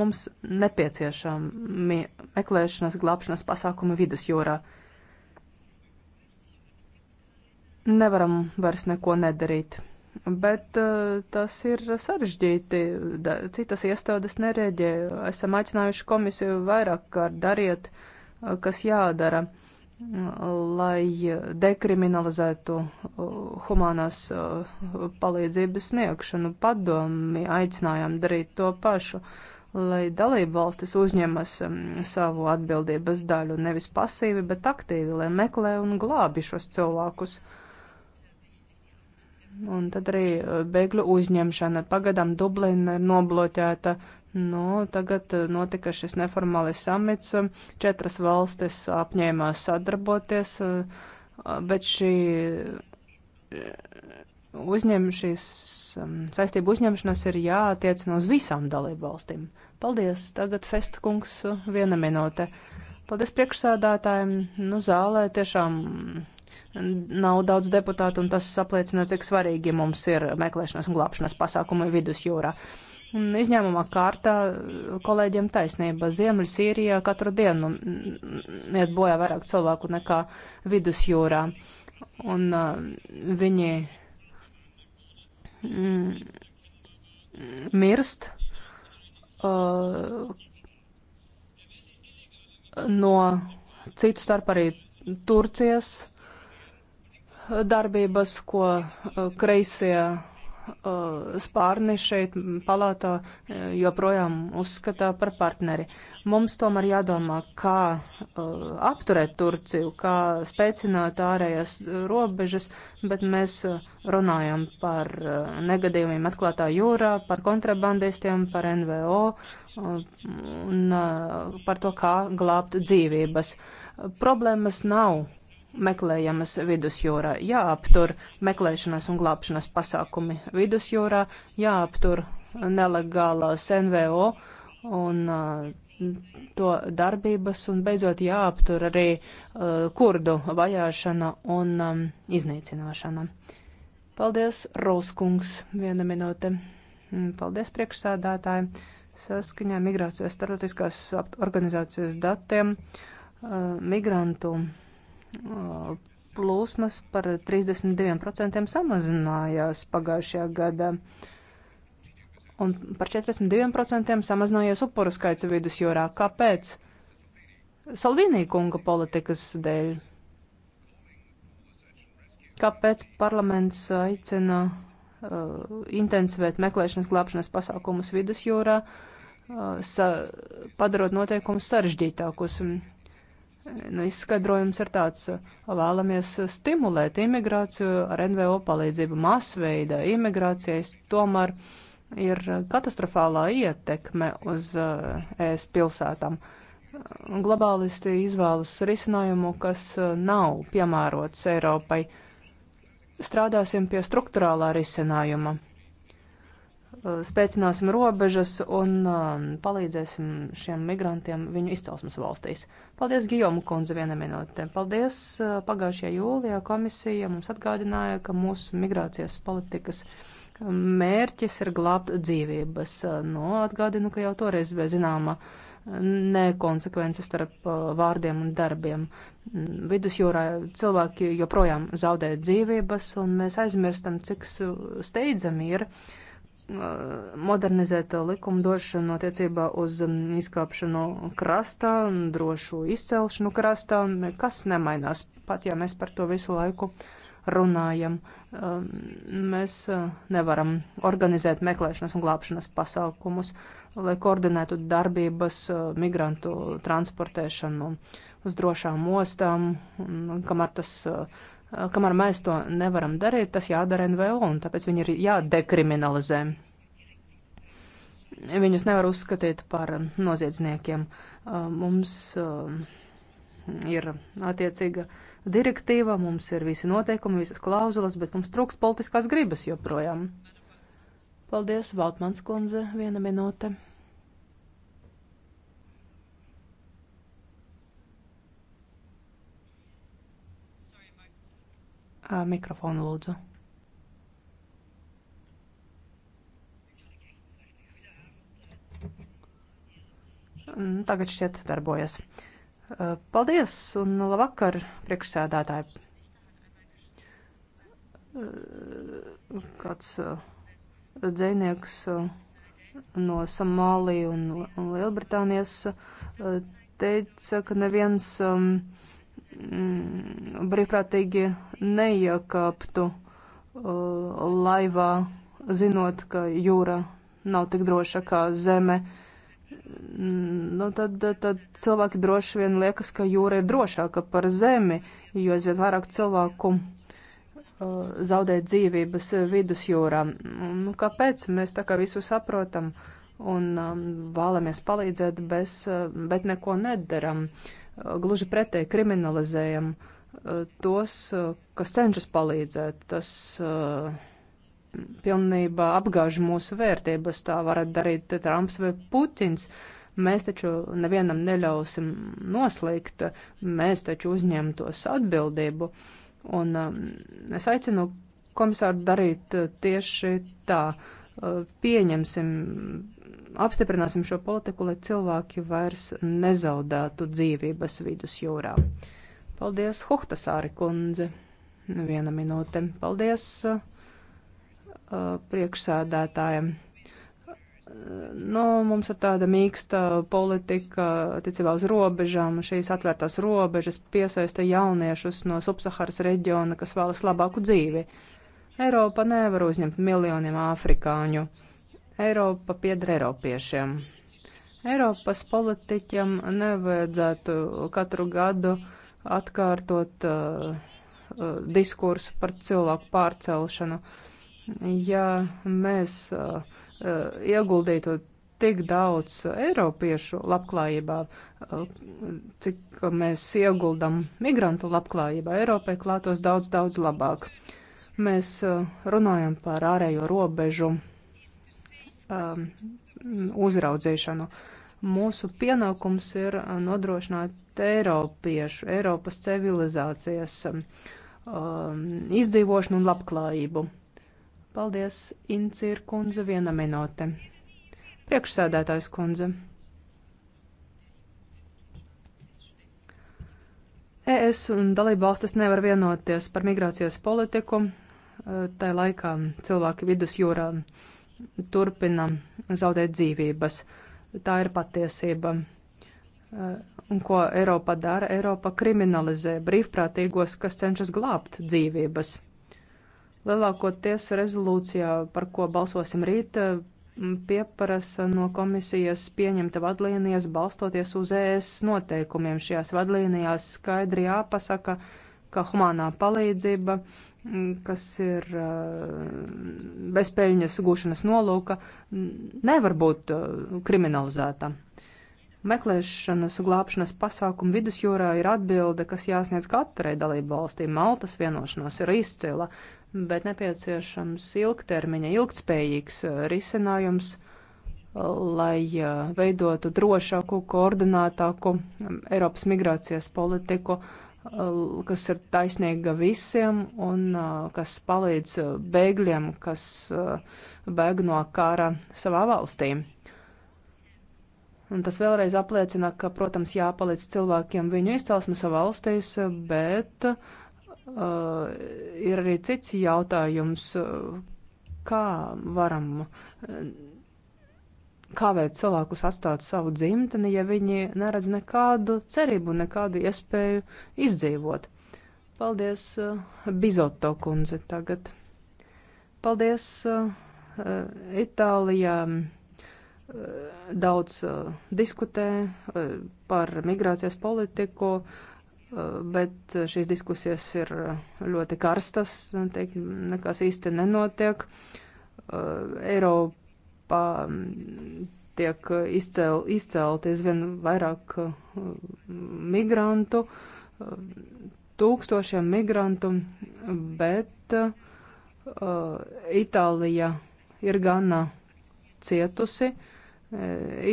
Speaker 3: Mums nepieciešami meklēšanas, glābšanas pasākumi vidusjūrā. Nevaram vairs neko nedarīt, bet uh, tas ir sarežģīti. Da, citas iestādes nereģē. Esam aicinājuši komisiju vairāk kārt dariet, uh, kas jādara. Uh, lai dekriminalizētu uh, humanās uh, palīdzības sniegšanu. Padomi aicinājām darīt to pašu, lai dalību valstis uzņemas um, savu atbildības daļu nevis pasīvi, bet aktīvi, lai meklē un glābi šos cilvēkus. Un tad arī uh, bēgļu uzņemšana. Pagadām Dublina ir nobloķēta Nu, tagad eh, notika šis neformālais samits, četras valstis apņēmās sadarboties, eh, bet šī eh, uzņem, šīs mm, saistību uzņemšanas ir jātiecina uz visām dalību valstīm. Paldies, tagad Festkungs viena minūte. Paldies priekšsādātājiem, nu zālē tiešām mm, nav daudz deputātu un tas apliecina, cik svarīgi mums ir meklēšanas un glābšanas pasākumi vidusjūrā. jūrā. Un izņēmumā kārtā kolēģiem taisnība. Ziemeļsīrijā katru dienu iet bojā vairāk cilvēku nekā vidusjūrā. Un uh, viņi mm, mirst uh, no citu starp arī Turcijas darbības, ko uh, kreisie Uh, spārni šeit palātā uh, joprojām uzskatā par partneri. Mums tomēr jādomā, kā uh, apturēt Turciju, kā spēcināt ārējās robežas, bet mēs runājam par negadījumiem atklātā jūrā, par kontrabandistiem, par NVO un par to, kā glābt dzīvības. Problēmas nav meklējamas vidusjūrā, jāaptur meklēšanas un glābšanas pasākumi vidusjūrā, jāaptur nelegālās NVO un uh, to darbības un beidzot jāaptur arī uh, kurdu vajāšana un um, iznīcināšana. Paldies, Rūskungs, viena minūte. Mm, paldies, priekšsādātāji. Saskaņā migrācijas starptautiskās organizācijas datiem uh, migrantu plūsmas par 32% samazinājās pagājušajā gadā. Un par 42% samazinājies upuru skaits vidusjūrā. Kāpēc? Salvīnī kunga politikas dēļ. Kāpēc parlaments aicina uh, intensivēt meklēšanas glābšanas pasākumus vidusjūrā, uh, sa padarot noteikumus sarežģītākus? Un Nu, izskaidrojums ir tāds, vēlamies stimulēt imigrāciju ar NVO palīdzību masveida imigrācijas, tomēr ir katastrofālā ietekme uz ES eh, pilsētām. Globālisti izvēlas risinājumu, kas eh, nav piemērots Eiropai. Strādāsim pie struktūrālā risinājuma spēcināsim robežas un um, palīdzēsim šiem migrantiem viņu izcelsmes valstīs. Paldies, Gijomu kundze, viena minūte. Paldies, uh, pagājušajā jūlijā komisija mums atgādināja, ka mūsu migrācijas politikas um, mērķis ir glābt dzīvības. Uh, no nu, atgādinu, ka jau toreiz bija zināma uh, nekonsekvences starp vārdiem un darbiem. Vidusjūrā cilvēki joprojām zaudē dzīvības, un mēs aizmirstam, cik steidzami ir uh, modernizēt likumdošanu attiecībā uz um, izkāpšanu krastā, drošu izcelšanu krastā. Nekas nemainās, pat ja mēs par to visu laiku runājam. Um, mēs uh, nevaram organizēt meklēšanas un glābšanas pasākumus, lai koordinētu darbības uh, migrantu transportēšanu uz drošām ostām, kamēr tas uh, Eh, kamēr mēs to nevaram darīt, tas jādara NVO, un tāpēc viņi ir jādekriminalizē. Viņus nevar uzskatīt par noziedzniekiem. Eh, mums eh, ir attiecīga direktīva, mums ir visi noteikumi, visas klauzulas, bet mums trūks politiskās gribas joprojām. Paldies, Valtmans kundze, viena minūte. mikrofonu lūdzu. Mm, tagad šķiet darbojas. Paldies un labvakar, priekšsēdētāji. Kāds dzēnieks no Somālija un Lielbritānijas teica, ka neviens um, Mm, brīvprātīgi neiekāptu uh, laivā, zinot, ka jūra nav tik droša kā zeme. Mm, nu, tad, tad cilvēki droši vien liekas, ka jūra ir drošāka par zemi, jo aizvien vairāk cilvēku uh, zaudē dzīvības vidusjūrā. Mm, nu, kāpēc mēs tā kā visu saprotam un um, vēlamies palīdzēt, bez, uh, bet neko nedaram? gluži pretēji kriminalizējam e, tos, e, kas cenšas palīdzēt. Tas e, pilnībā apgāž mūsu vērtības. Tā varētu darīt Trumps vai Putins. Mēs taču nevienam neļausim noslīgt, mēs taču uzņemtos atbildību. Un es aicinu komisāru darīt tieši tā. Pieņemsim apstiprināsim šo politiku, lai cilvēki vairs nezaudētu dzīvības vidusjūrā. Paldies, Hohtasāri kundze. Viena minūte. Paldies uh, priekšsēdētājiem. Nu, mums ir tāda mīksta politika attiecībā uz robežām. Šīs atvērtās robežas piesaista jauniešus no subsaharas reģiona, kas vēlas labāku dzīvi. Eiropa nevar uzņemt miljoniem afrikāņu. Uh, Eiropa pieder Eiropiešiem. Eiropas politiķiem nevajadzētu katru gadu atkārtot uh, uh, diskursu par cilvēku pārcelšanu. Ja mēs uh, uh ieguldītu tik daudz Eiropiešu labklājībā, uh, cik mēs ieguldam migrantu labklājībā, Eiropai klātos daudz, daudz labāk. Mēs runājam par ārējo robežu um, uzraudzīšanu. Mūsu pienākums ir uh, nodrošināt Eiropiešu, Eiropas civilizācijas um, um izdzīvošanu un labklājību. Paldies, Incīra kundze, viena minūte. Priekšsēdētājs kundze. ES un dalība valstis nevar vienoties par migrācijas politiku, uh, tā laikā cilvēki vidusjūrā turpina zaudēt dzīvības. Tā ir patiesība. Eh, un ko Eiropa dara? Eiropa kriminalizē brīvprātīgos, kas cenšas glābt dzīvības. Lielākoties rezolūcijā, par ko balsosim rīt, eh, pieprasa no komisijas pieņemt vadlīnijas balstoties uz ES noteikumiem. Šajās vadlīnijās skaidri jāpasaka, ka humanā palīdzība kas ir uh, bezpēļņas gūšanas nolūka, nevar būt uh, kriminalizēta. Meklēšanas glābšanas pasākumu vidusjūrā ir atbilde, kas jāsniedz katrai dalību valstī. Maltas vienošanās ir izcila, bet nepieciešams ilgtermiņa, ilgtspējīgs uh, risinājums, lai veidotu drošāku, koordinētāku um, Eiropas migrācijas politiku, uh, Eh, kas ir taisnīga visiem un eh, kas palīdz eh, bēgļiem, kas bēg no kara savā valstī. Un tas vēlreiz apliecina, ka, protams, jāpalīdz cilvēkiem viņu izcelsmes valstīs, bet uh, ir arī cits jautājums, kā varam kavēt cilvēkus atstāt savu dzimteni, ja viņi neredz nekādu cerību, nekādu iespēju izdzīvot. Paldies, eh, Bizoto kundze, tagad. Paldies, eh, Itālijā eh, daudz diskutē par migrācijas politiku, bet šīs diskusijas ir ļoti karstas, teikt, nekas īsti nenotiek. Eiropa Eiropā tiek izcel, izcelti aizvien vairāk uh, migrantu, uh, tūkstošiem migrantu, bet uh, Itālija ir gana cietusi. Uh,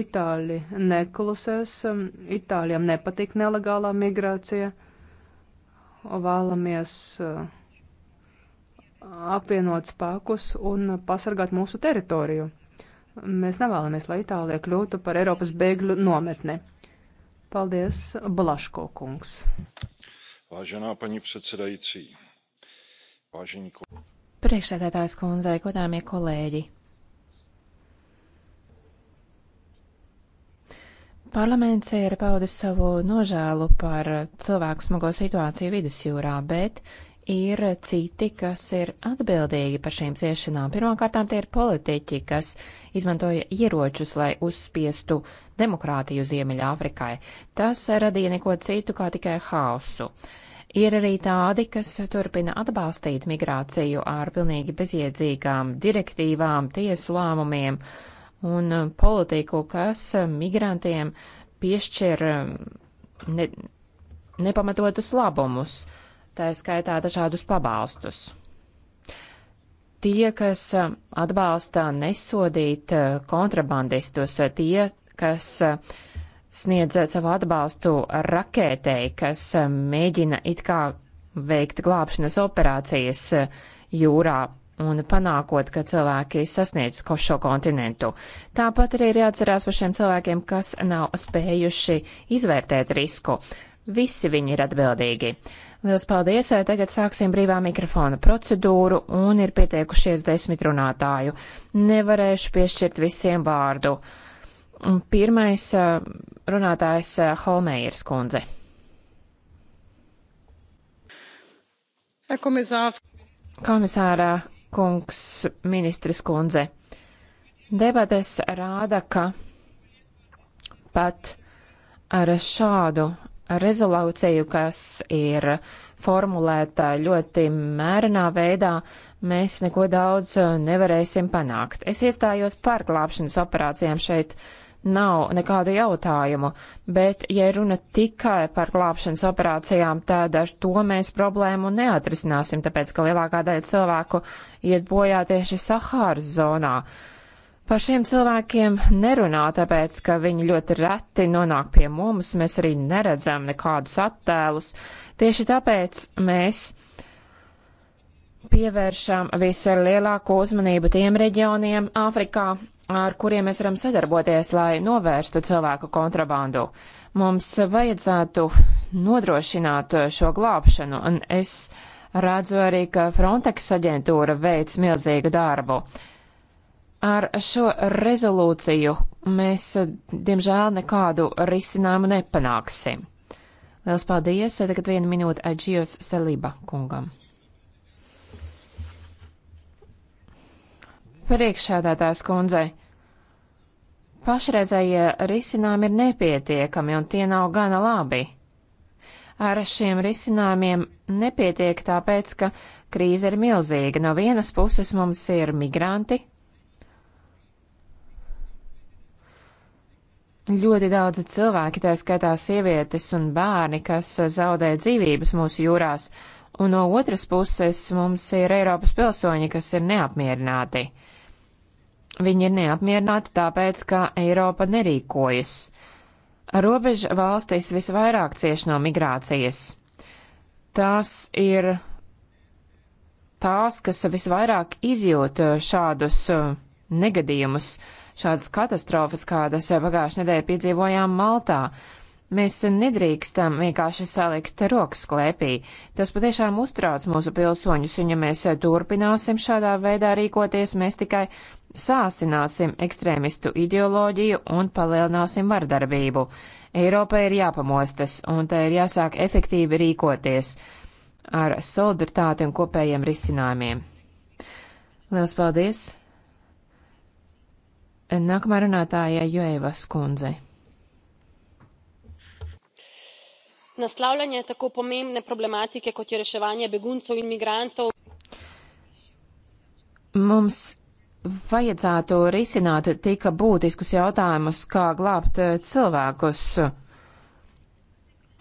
Speaker 3: Itāļi neklusēs, um, Itāļiem nepatīk nelegālā migrācija. Vēlamies apvienot spēkus un pasargāt mūsu teritoriju. Mēs nevēlamies, lai Itālija kļūtu par Eiropas bēgļu nometni. Paldies, Blaško kungs.
Speaker 1: Váženā paņi predsedajīcī. Vážení kol... Priekšsēdētājs kundze, godāmie kolēģi. Parlaments ir paudis savu nožēlu par cilvēku smago situāciju vidusjūrā, bet ir citi, kas ir atbildīgi par šīm ciešanām. Pirmkārtām tie ir politiķi, kas izmantoja ieročus, lai uzspiestu demokrātiju Ziemeļāfrikai. Tas radīja neko citu kā tikai hausu. Ir arī tādi, kas turpina atbalstīt migrāciju ar pilnīgi bezjēdzīgām direktīvām, tiesu lēmumiem un politiku, kas migrantiem piešķir um, ne, nepamatotus labumus. Uh, tā skaitā dažādus pabalstus. Tie, kas atbalsta nesodīt eh, kontrabandistus, tie, kas eh, sniedz savu atbalstu raketei, kas eh, mēģina it kā veikt glābšanas operācijas jūrā un panākot, ka cilvēki sasniedz šo kontinentu. Tāpat arī ir jāatcerās par šiem cilvēkiem, kas nav spējuši izvērtēt risku. Visi viņi ir atbildīgi. Uh, Lielas paldies! Eh, tagad sāksim brīvā mikrofona procedūru un ir pieteikušies desmit runātāju. Nevarēšu piešķirt visiem vārdu. Pirmais eh, runātājs eh, Holmeiras kundze. Komisārā kungs, ministres kundze. Debates rāda, ka pat ar šādu rezolūciju, kas ir formulēta ļoti mērenā veidā, mēs neko daudz uh, nevarēsim panākt. Es iestājos par glābšanas operācijām šeit. Nav nekādu jautājumu, bet, ja runa tikai par glābšanas operācijām, tad ar to mēs problēmu neatrisināsim, tāpēc, ka lielākā daļa cilvēku iet bojā tieši Sahāras zonā. Uh, Par šiem cilvēkiem nerunā, tāpēc, ka viņi ļoti reti nonāk pie mums, mēs arī neredzam nekādus attēlus. Tieši tāpēc mēs pievēršam vislielāko uzmanību tiem reģioniem Āfrikā, ar kuriem mēs varam sadarboties, lai novērstu cilvēku kontrabandu. Mums vajadzētu nodrošināt šo glābšanu, un es redzu arī, ka Frontex aģentūra veic milzīgu darbu. Ar šo rezolūciju mēs, diemžēl, nekādu risinājumu nepanāksim. Lielas paldies! Tagad viena minūte Aģijos Selība kungam. Priekšādātās kundzei. Pašreizējie risinājumi ir nepietiekami un tie nav gana labi. Ar šiem risinājumiem nepietiek tāpēc, ka krīze ir milzīga. No vienas puses mums ir migranti, ļoti daudzi cilvēki, tā skaitā sievietes un bērni, kas eh, zaudē dzīvības mūsu jūrās, un no otras puses mums ir Eiropas pilsoņi, kas ir neapmierināti. Viņi ir neapmierināti tāpēc, ka Eiropa nerīkojas. Robeža valstis visvairāk cieši no migrācijas. Tās ir tās, kas visvairāk izjūt eh, šādus eh, negadījumus, uh, šādas katastrofas, kādas pagājušajā nedēļā piedzīvojām Maltā. Mēs nedrīkstam vienkārši salikt rokas klēpī. Tas patiešām uztrauc mūsu pilsoņus, un ja mēs turpināsim šādā veidā rīkoties, mēs tikai sāsināsim ekstrēmistu ideoloģiju un palielināsim vardarbību. Eiropai ir jāpamostas, un tai ir jāsāk efektīvi rīkoties ar solidaritāti un kopējiem risinājumiem. Lielas paldies! Nākamā runātāja Joeva skundze. Naslavljanje tako pomembne problematike, kot je reševanje beguncev in migrantov. Mums vajadzētu risināt tika būtiskus jautājumus, kā glābt eh, cilvēkus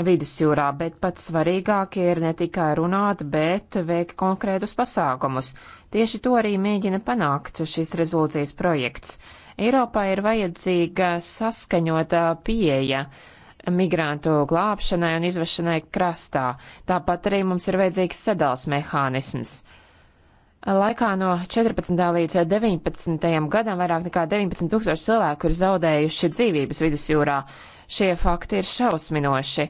Speaker 1: vidusjūrā, bet pats svarīgāk ir ne tikai runāt, bet veikt konkrētus pasākumus. Tieši to arī mēģina panākt šis rezolūcijas projekts. Eiropā ir vajadzīga saskaņotā pieeja migrantu glābšanai un izvešanai krastā. Tāpat arī mums ir vajadzīgs sadals mehānisms. Laikā no 14. līdz 19. gadam vairāk nekā 19 tūkstoši cilvēku ir zaudējuši dzīvības vidusjūrā. Šie fakti ir šausminoši.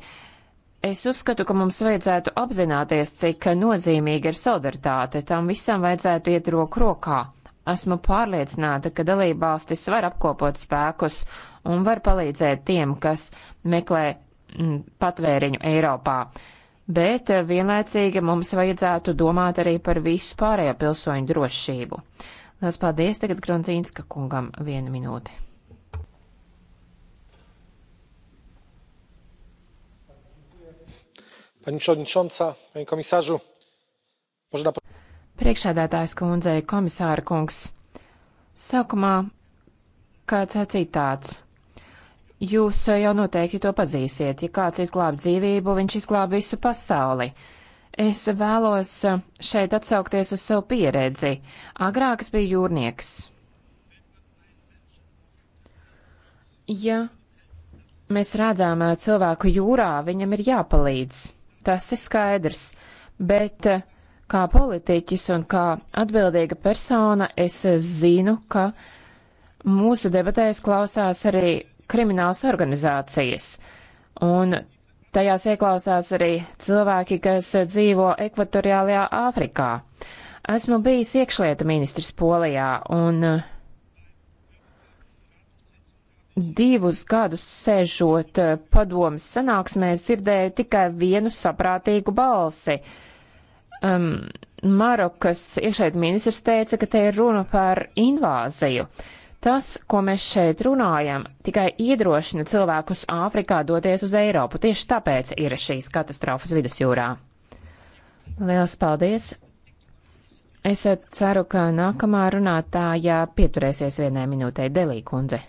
Speaker 1: Es uzskatu, ka mums vajadzētu apzināties, cik nozīmīga ir solidaritāte. Tam visam vajadzētu iet roku rokā. Esmu pārliecināta, ka dalībvalstis var apkopot spēkus un var palīdzēt tiem, kas meklē mm, patvēriņu Eiropā. Bet eh, vienlaicīgi mums vajadzētu domāt arī par visu pārējo pilsoņu drošību. Lielas paldies tagad Grunzīnska kungam vienu minūti. Pani przewodnicząca, panie komisarzu, można. Priekšādātājs kundzei komisāra kungs. Sākumā kāds citāts. Jūs jau noteikti to pazīsiet. Ja kāds izglāb dzīvību, viņš izglāb visu pasauli. Es vēlos šeit atsaukties uz savu pieredzi. Agrāk es biju jūrnieks. Ja mēs redzam cilvēku jūrā, viņam ir jāpalīdz. Tas ir skaidrs. Bet uh, Kā politiķis un kā atbildīga persona es zinu, ka mūsu debatēs klausās arī krimināls organizācijas. Un tajās ieklausās arī cilvēki, kas dzīvo ekvatoriālajā Āfrikā. Esmu bijis iekšlietu ministrs Polijā un uh, divus gadus sēžot uh, padomas sanāksmēs dzirdēju tikai vienu saprātīgu balsi. Uh, um, Marokas iešēd ministrs teica, ka te ir runa par invāziju. Tas, ko mēs šeit runājam, tikai iedrošina cilvēkus Āfrikā doties uz Eiropu. Tieši tāpēc ir šīs katastrofas vidusjūrā. Lielas paldies! Es ceru, ka nākamā runātāja pieturēsies vienai minūtei Delī kundze.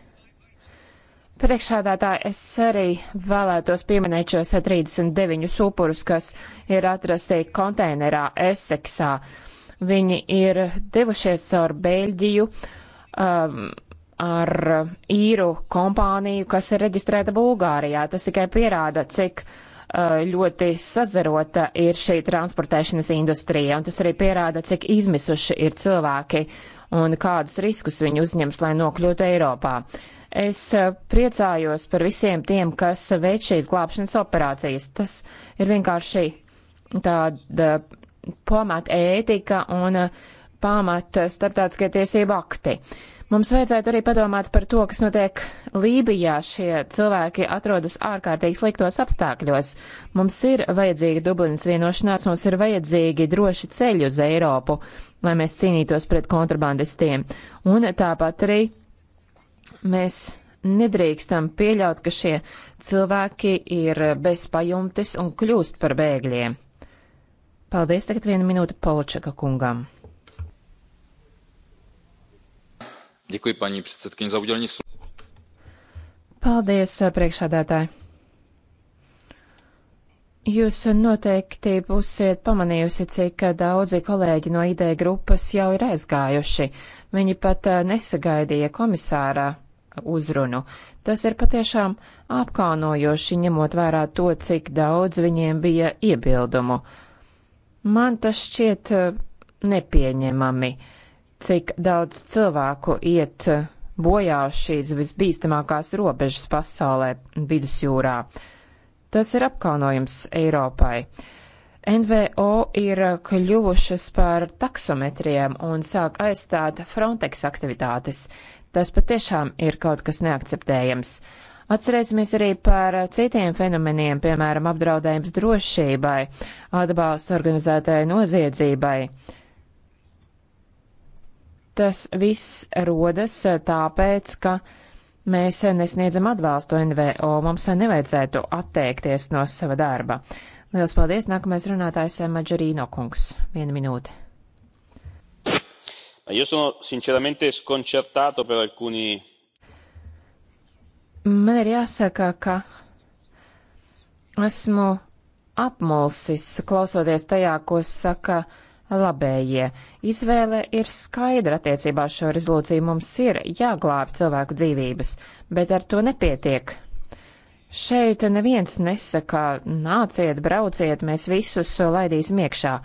Speaker 1: Priekšādātāji, es arī vēlētos pieminēt šos 39 upurus, kas ir atrasti konteinerā Eseksā. Viņi ir devušies caur Beļģiju um, ar īru kompāniju, kas ir reģistrēta Bulgārijā. Tas tikai pierāda, cik uh, ļoti sazarota ir šī transportēšanas industrija, un tas arī pierāda, cik izmisuši ir cilvēki un kādus riskus viņi uzņems, lai nokļūtu Eiropā. Uh, Es eh, priecājos par visiem tiem, kas veic šīs glābšanas operācijas. Tas ir vienkārši tāda pamata ētika un eh, pamata starptautiskie tiesību akti. Mums vajadzētu arī padomāt par to, kas notiek Lībijā. Šie cilvēki atrodas ārkārtīgi sliktos apstākļos. Mums ir vajadzīga Dublinas vienošanās, mums ir vajadzīgi droši ceļi uz Eiropu, lai mēs cīnītos pret kontrabandistiem. Un tāpat arī Mēs nedrīkstam pieļaut, ka šie cilvēki ir bez pajumtes un kļūst par bēgļiem. Paldies, tagad viena minūte Polčaka kungam.
Speaker 3: Děkuji, paní předsedkyně, za udělení slova.
Speaker 1: Paldies, eh, priekšādātāji. Jūs noteikti būsiet pamanījusi, cik daudzi kolēģi no ID grupas jau ir aizgājuši. Viņi pat eh, nesagaidīja komisārā uzrunu. Tas ir patiešām apkaunojoši, ņemot vērā to, cik daudz viņiem bija iebildumu. Man tas šķiet eh, nepieņemami, cik daudz cilvēku iet eh, bojā šīs visbīstamākās robežas pasaulē, vidusjūrā. Tas ir apkaunojums Eiropai. NVO ir eh, kļuvušas par taksometrijiem un sāk aizstāt Frontex aktivitātes. Tas patiešām ir kaut kas neakceptējams. Atcerēsimies arī par citiem fenomeniem, piemēram, apdraudējums drošībai, atbalsts organizētajai noziedzībai. Tas viss rodas tāpēc, ka mēs nesniedzam atbalstu NVO, mums nevajadzētu atteikties no sava darba. Lielas paldies, nākamais runātājs Maģarīno kungs. Viena minūte
Speaker 3: io sono sinceramente sconcertato per alcuni.
Speaker 1: Man ir jāsaka, ka esmu apmulsis, klausoties tajā, ko saka labējie. Izvēle ir skaidra attiecībā uz šo rezolūciju. Mums ir jāglāb cilvēku dzīvības, bet ar to nepietiek. Šeit neviens nesaka, nāciet, brauciet, mēs visus laidīsim iekšā.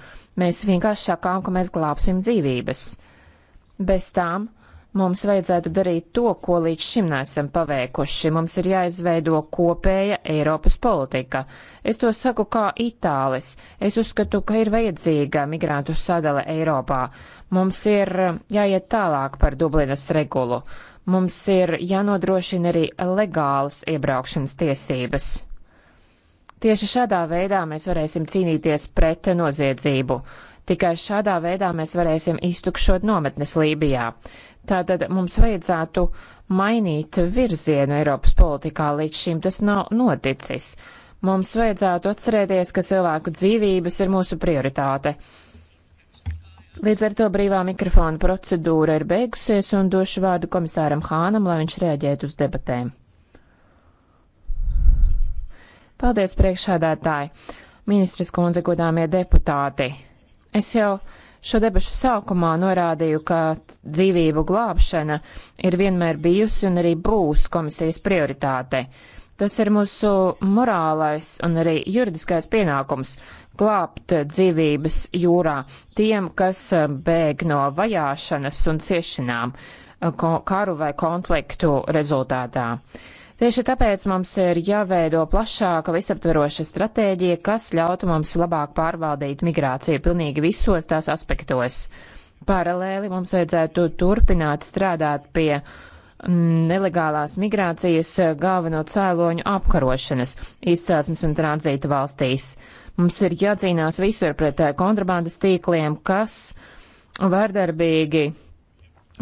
Speaker 1: Mēs vienkārši sakām, ka mēs glābsim dzīvības. Bez tām mums vajadzētu darīt to, ko līdz šim neesam paveikuši. Mums ir jāizveido kopēja Eiropas politika. Es to saku kā itālis. Es uzskatu, ka ir vajadzīga migrantu sadale Eiropā. Mums ir jāiet tālāk par Dublinas regulu. Mums ir jānodrošina arī legālas iebraukšanas tiesības. Tieši šādā veidā mēs varēsim cīnīties pret noziedzību. Tikai šādā veidā mēs varēsim iztukšot nometnes Lībijā. Tātad mums vajadzētu mainīt virzienu Eiropas politikā, līdz šim tas nav noticis. Mums vajadzētu atcerēties, ka cilvēku dzīvības ir mūsu prioritāte. Līdz ar to brīvā mikrofona procedūra ir beigusies un došu vārdu komisāram Hānam, lai viņš reaģētu uz debatēm. Paldies, priekšādātāji! Ministres kundze, godāmie deputāti! Es jau šo debašu sākumā norādīju, ka dzīvību glābšana ir vienmēr bijusi un arī būs komisijas prioritāte. Tas ir mūsu morālais un arī juridiskais pienākums glābt dzīvības jūrā tiem, kas eh, bēg no vajāšanas un ciešanām eh, karu vai konfliktu rezultātā. Uh, Tieši tāpēc mums ir jāveido plašāka visaptveroša stratēģija, kas ļautu mums labāk pārvaldīt migrāciju pilnīgi visos tās aspektos. Paralēli mums vajadzētu turpināt strādāt pie mm, nelegālās migrācijas eh, galveno cēloņu apkarošanas izcelsmes un tranzīta valstīs. Mums ir jācīnās visur pret eh, kontrabandas tīkliem, kas vardarbīgi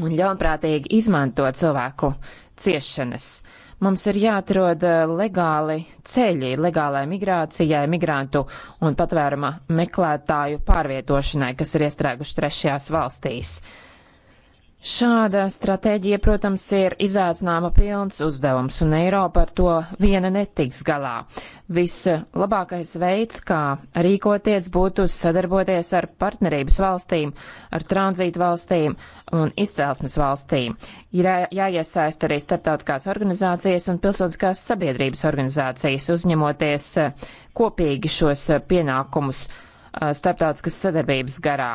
Speaker 1: un ļaunprātīgi izmanto cilvēku ciešanas. Mums ir jāatrod eh, legāli ceļi legālai migrācijai, migrantu un patvēruma meklētāju pārvietošanai, kas ir iestrēguši trešajās valstīs. Šāda stratēģija, protams, ir izaicinājuma pilns uzdevums, un Eiropa ar to viena netiks galā. Vislabākais veids, kā rīkoties, būtu sadarboties ar partnerības valstīm, ar tranzītu valstīm un izcelsmes valstīm. Ir jāiesaist arī starptautiskās organizācijas un pilsoniskās sabiedrības organizācijas, uzņemoties eh, kopīgi šos eh, pienākumus eh, starptautiskas sadarbības garā.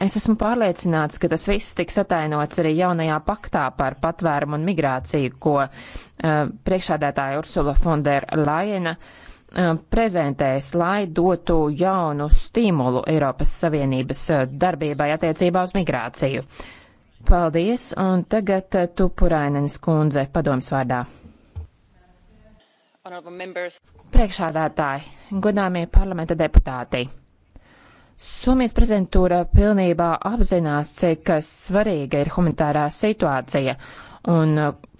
Speaker 1: Es esmu pārliecināts, ka tas viss tiks atainots arī jaunajā paktā par patvērumu un migrāciju, ko uh, eh, priekšādētāja Ursula Fonderlajena uh, eh, prezentēs, lai dotu jaunu stimulu Eiropas Savienības eh, darbībai attiecībā uz migrāciju. Paldies, un tagad uh, Tupurainenes kundze padoms vārdā. Priekšādātāji, godāmie parlamenta deputāti. Somijas prezidentūra pilnībā apzinās, cik svarīga ir humanitārā situācija un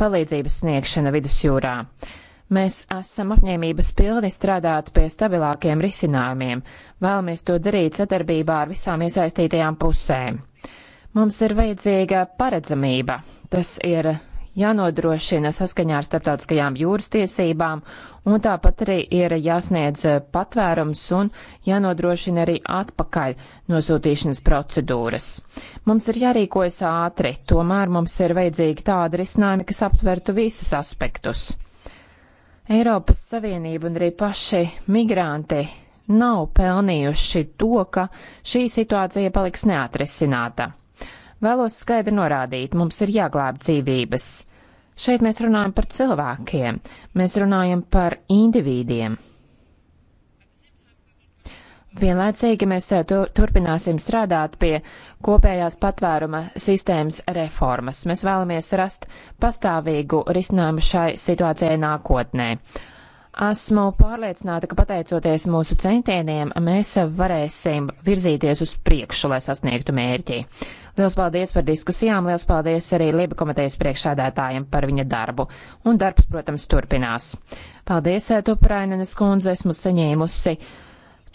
Speaker 1: palīdzības sniegšana vidusjūrā. Mēs esam apņēmības pilni strādāt pie stabilākiem risinājumiem, vēlamies to darīt sadarbībā ar visām iesaistītajām pusēm. Mums ir vajadzīga paredzamība, tas ir jānodrošina saskaņā ar starptautiskajām jūras tiesībām, un tāpat arī ir jāsniedz eh, patvērums un jānodrošina arī atpakaļ nosūtīšanas procedūras. Mums ir jārīkojas ātri, tomēr mums ir vajadzīgi tādi risinājumi, kas aptvertu visus aspektus. Eiropas Savienība un arī paši migranti nav pelnījuši to, ka šī situācija paliks neatrisināta. Vēlos skaidri norādīt, mums ir jāglāb dzīvības. Šeit mēs runājam par cilvēkiem, mēs runājam par indivīdiem. Vienlaicīgi mēs eh, turpināsim strādāt pie kopējās patvēruma sistēmas reformas. Mēs vēlamies rast pastāvīgu risinājumu šai situācijai nākotnē. Esmu pārliecināta, ka pateicoties mūsu centieniem, mēs varēsim virzīties uz priekšu, lai sasniegtu mērķi. Lielas paldies par diskusijām, lielas paldies arī Liba komitejas priekšādātājiem par viņa darbu. Un darbs, protams, turpinās. Paldies, Tuprainenes kundze, esmu saņēmusi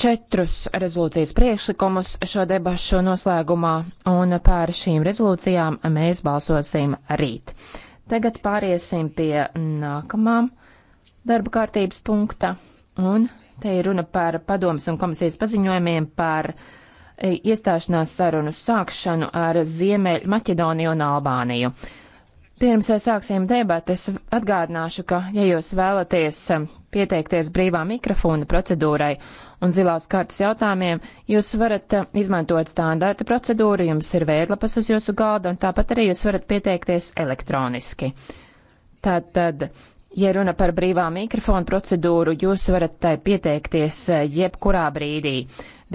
Speaker 1: četrus rezolūcijas priekšlikumus šo debašu noslēgumā, un pār šīm rezolūcijām mēs balsosim rīt. Tagad pāriesim pie nākamām darba kārtības punkta, un te ir runa par padomas un komisijas paziņojumiem par e, iestāšanās sarunu sākšanu ar Ziemeļ Maķedoniju un Albāniju. Pirms e, sāksim debates, atgādināšu, ka, ja jūs vēlaties e, pieteikties brīvā mikrofona procedūrai un zilās kartas jautājumiem, jūs varat izmantot standarta procedūru, jums ir vērtlapas uz jūsu galda, un tāpat arī jūs varat pieteikties elektroniski. Tātad Ja runa par brīvā mikrofona procedūru, jūs varat tai pieteikties eh, jebkurā brīdī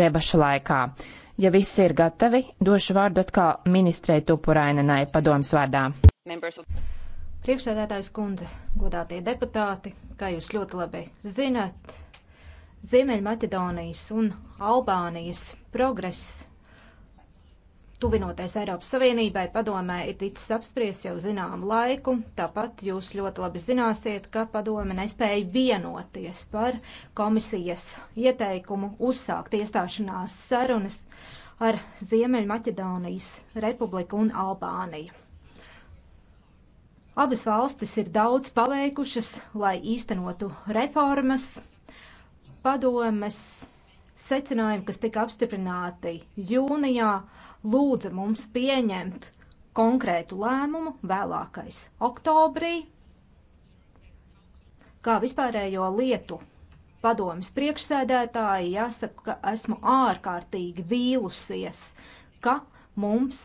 Speaker 1: debašu laikā. Ja visi ir gatavi, došu vārdu atkal ministrei Tupurainenai padoms vārdā.
Speaker 2: Priekšsēdētājs kundze, godātie deputāti, kā jūs ļoti labi zinat, Ziemeļmaķedonijas un Albānijas progress tuvinoties Eiropas Savienībai, padomē ir ticis apspriests jau zinām laiku. Tāpat jūs ļoti labi zināsiet, ka padome nespēja vienoties par komisijas ieteikumu uzsākt iestāšanās sarunas ar Ziemeļmaķedonijas republiku un Albāniju. Abas valstis ir daudz paveikušas, lai īstenotu reformas, padomes secinājumi, kas tika apstiprināti jūnijā, uh, lūdza mums pieņemt konkrētu lēmumu vēlākais oktobrī, kā vispārējo lietu padomas priekšsēdētāji, jāsaka, ka esmu ārkārtīgi vīlusies, ka mums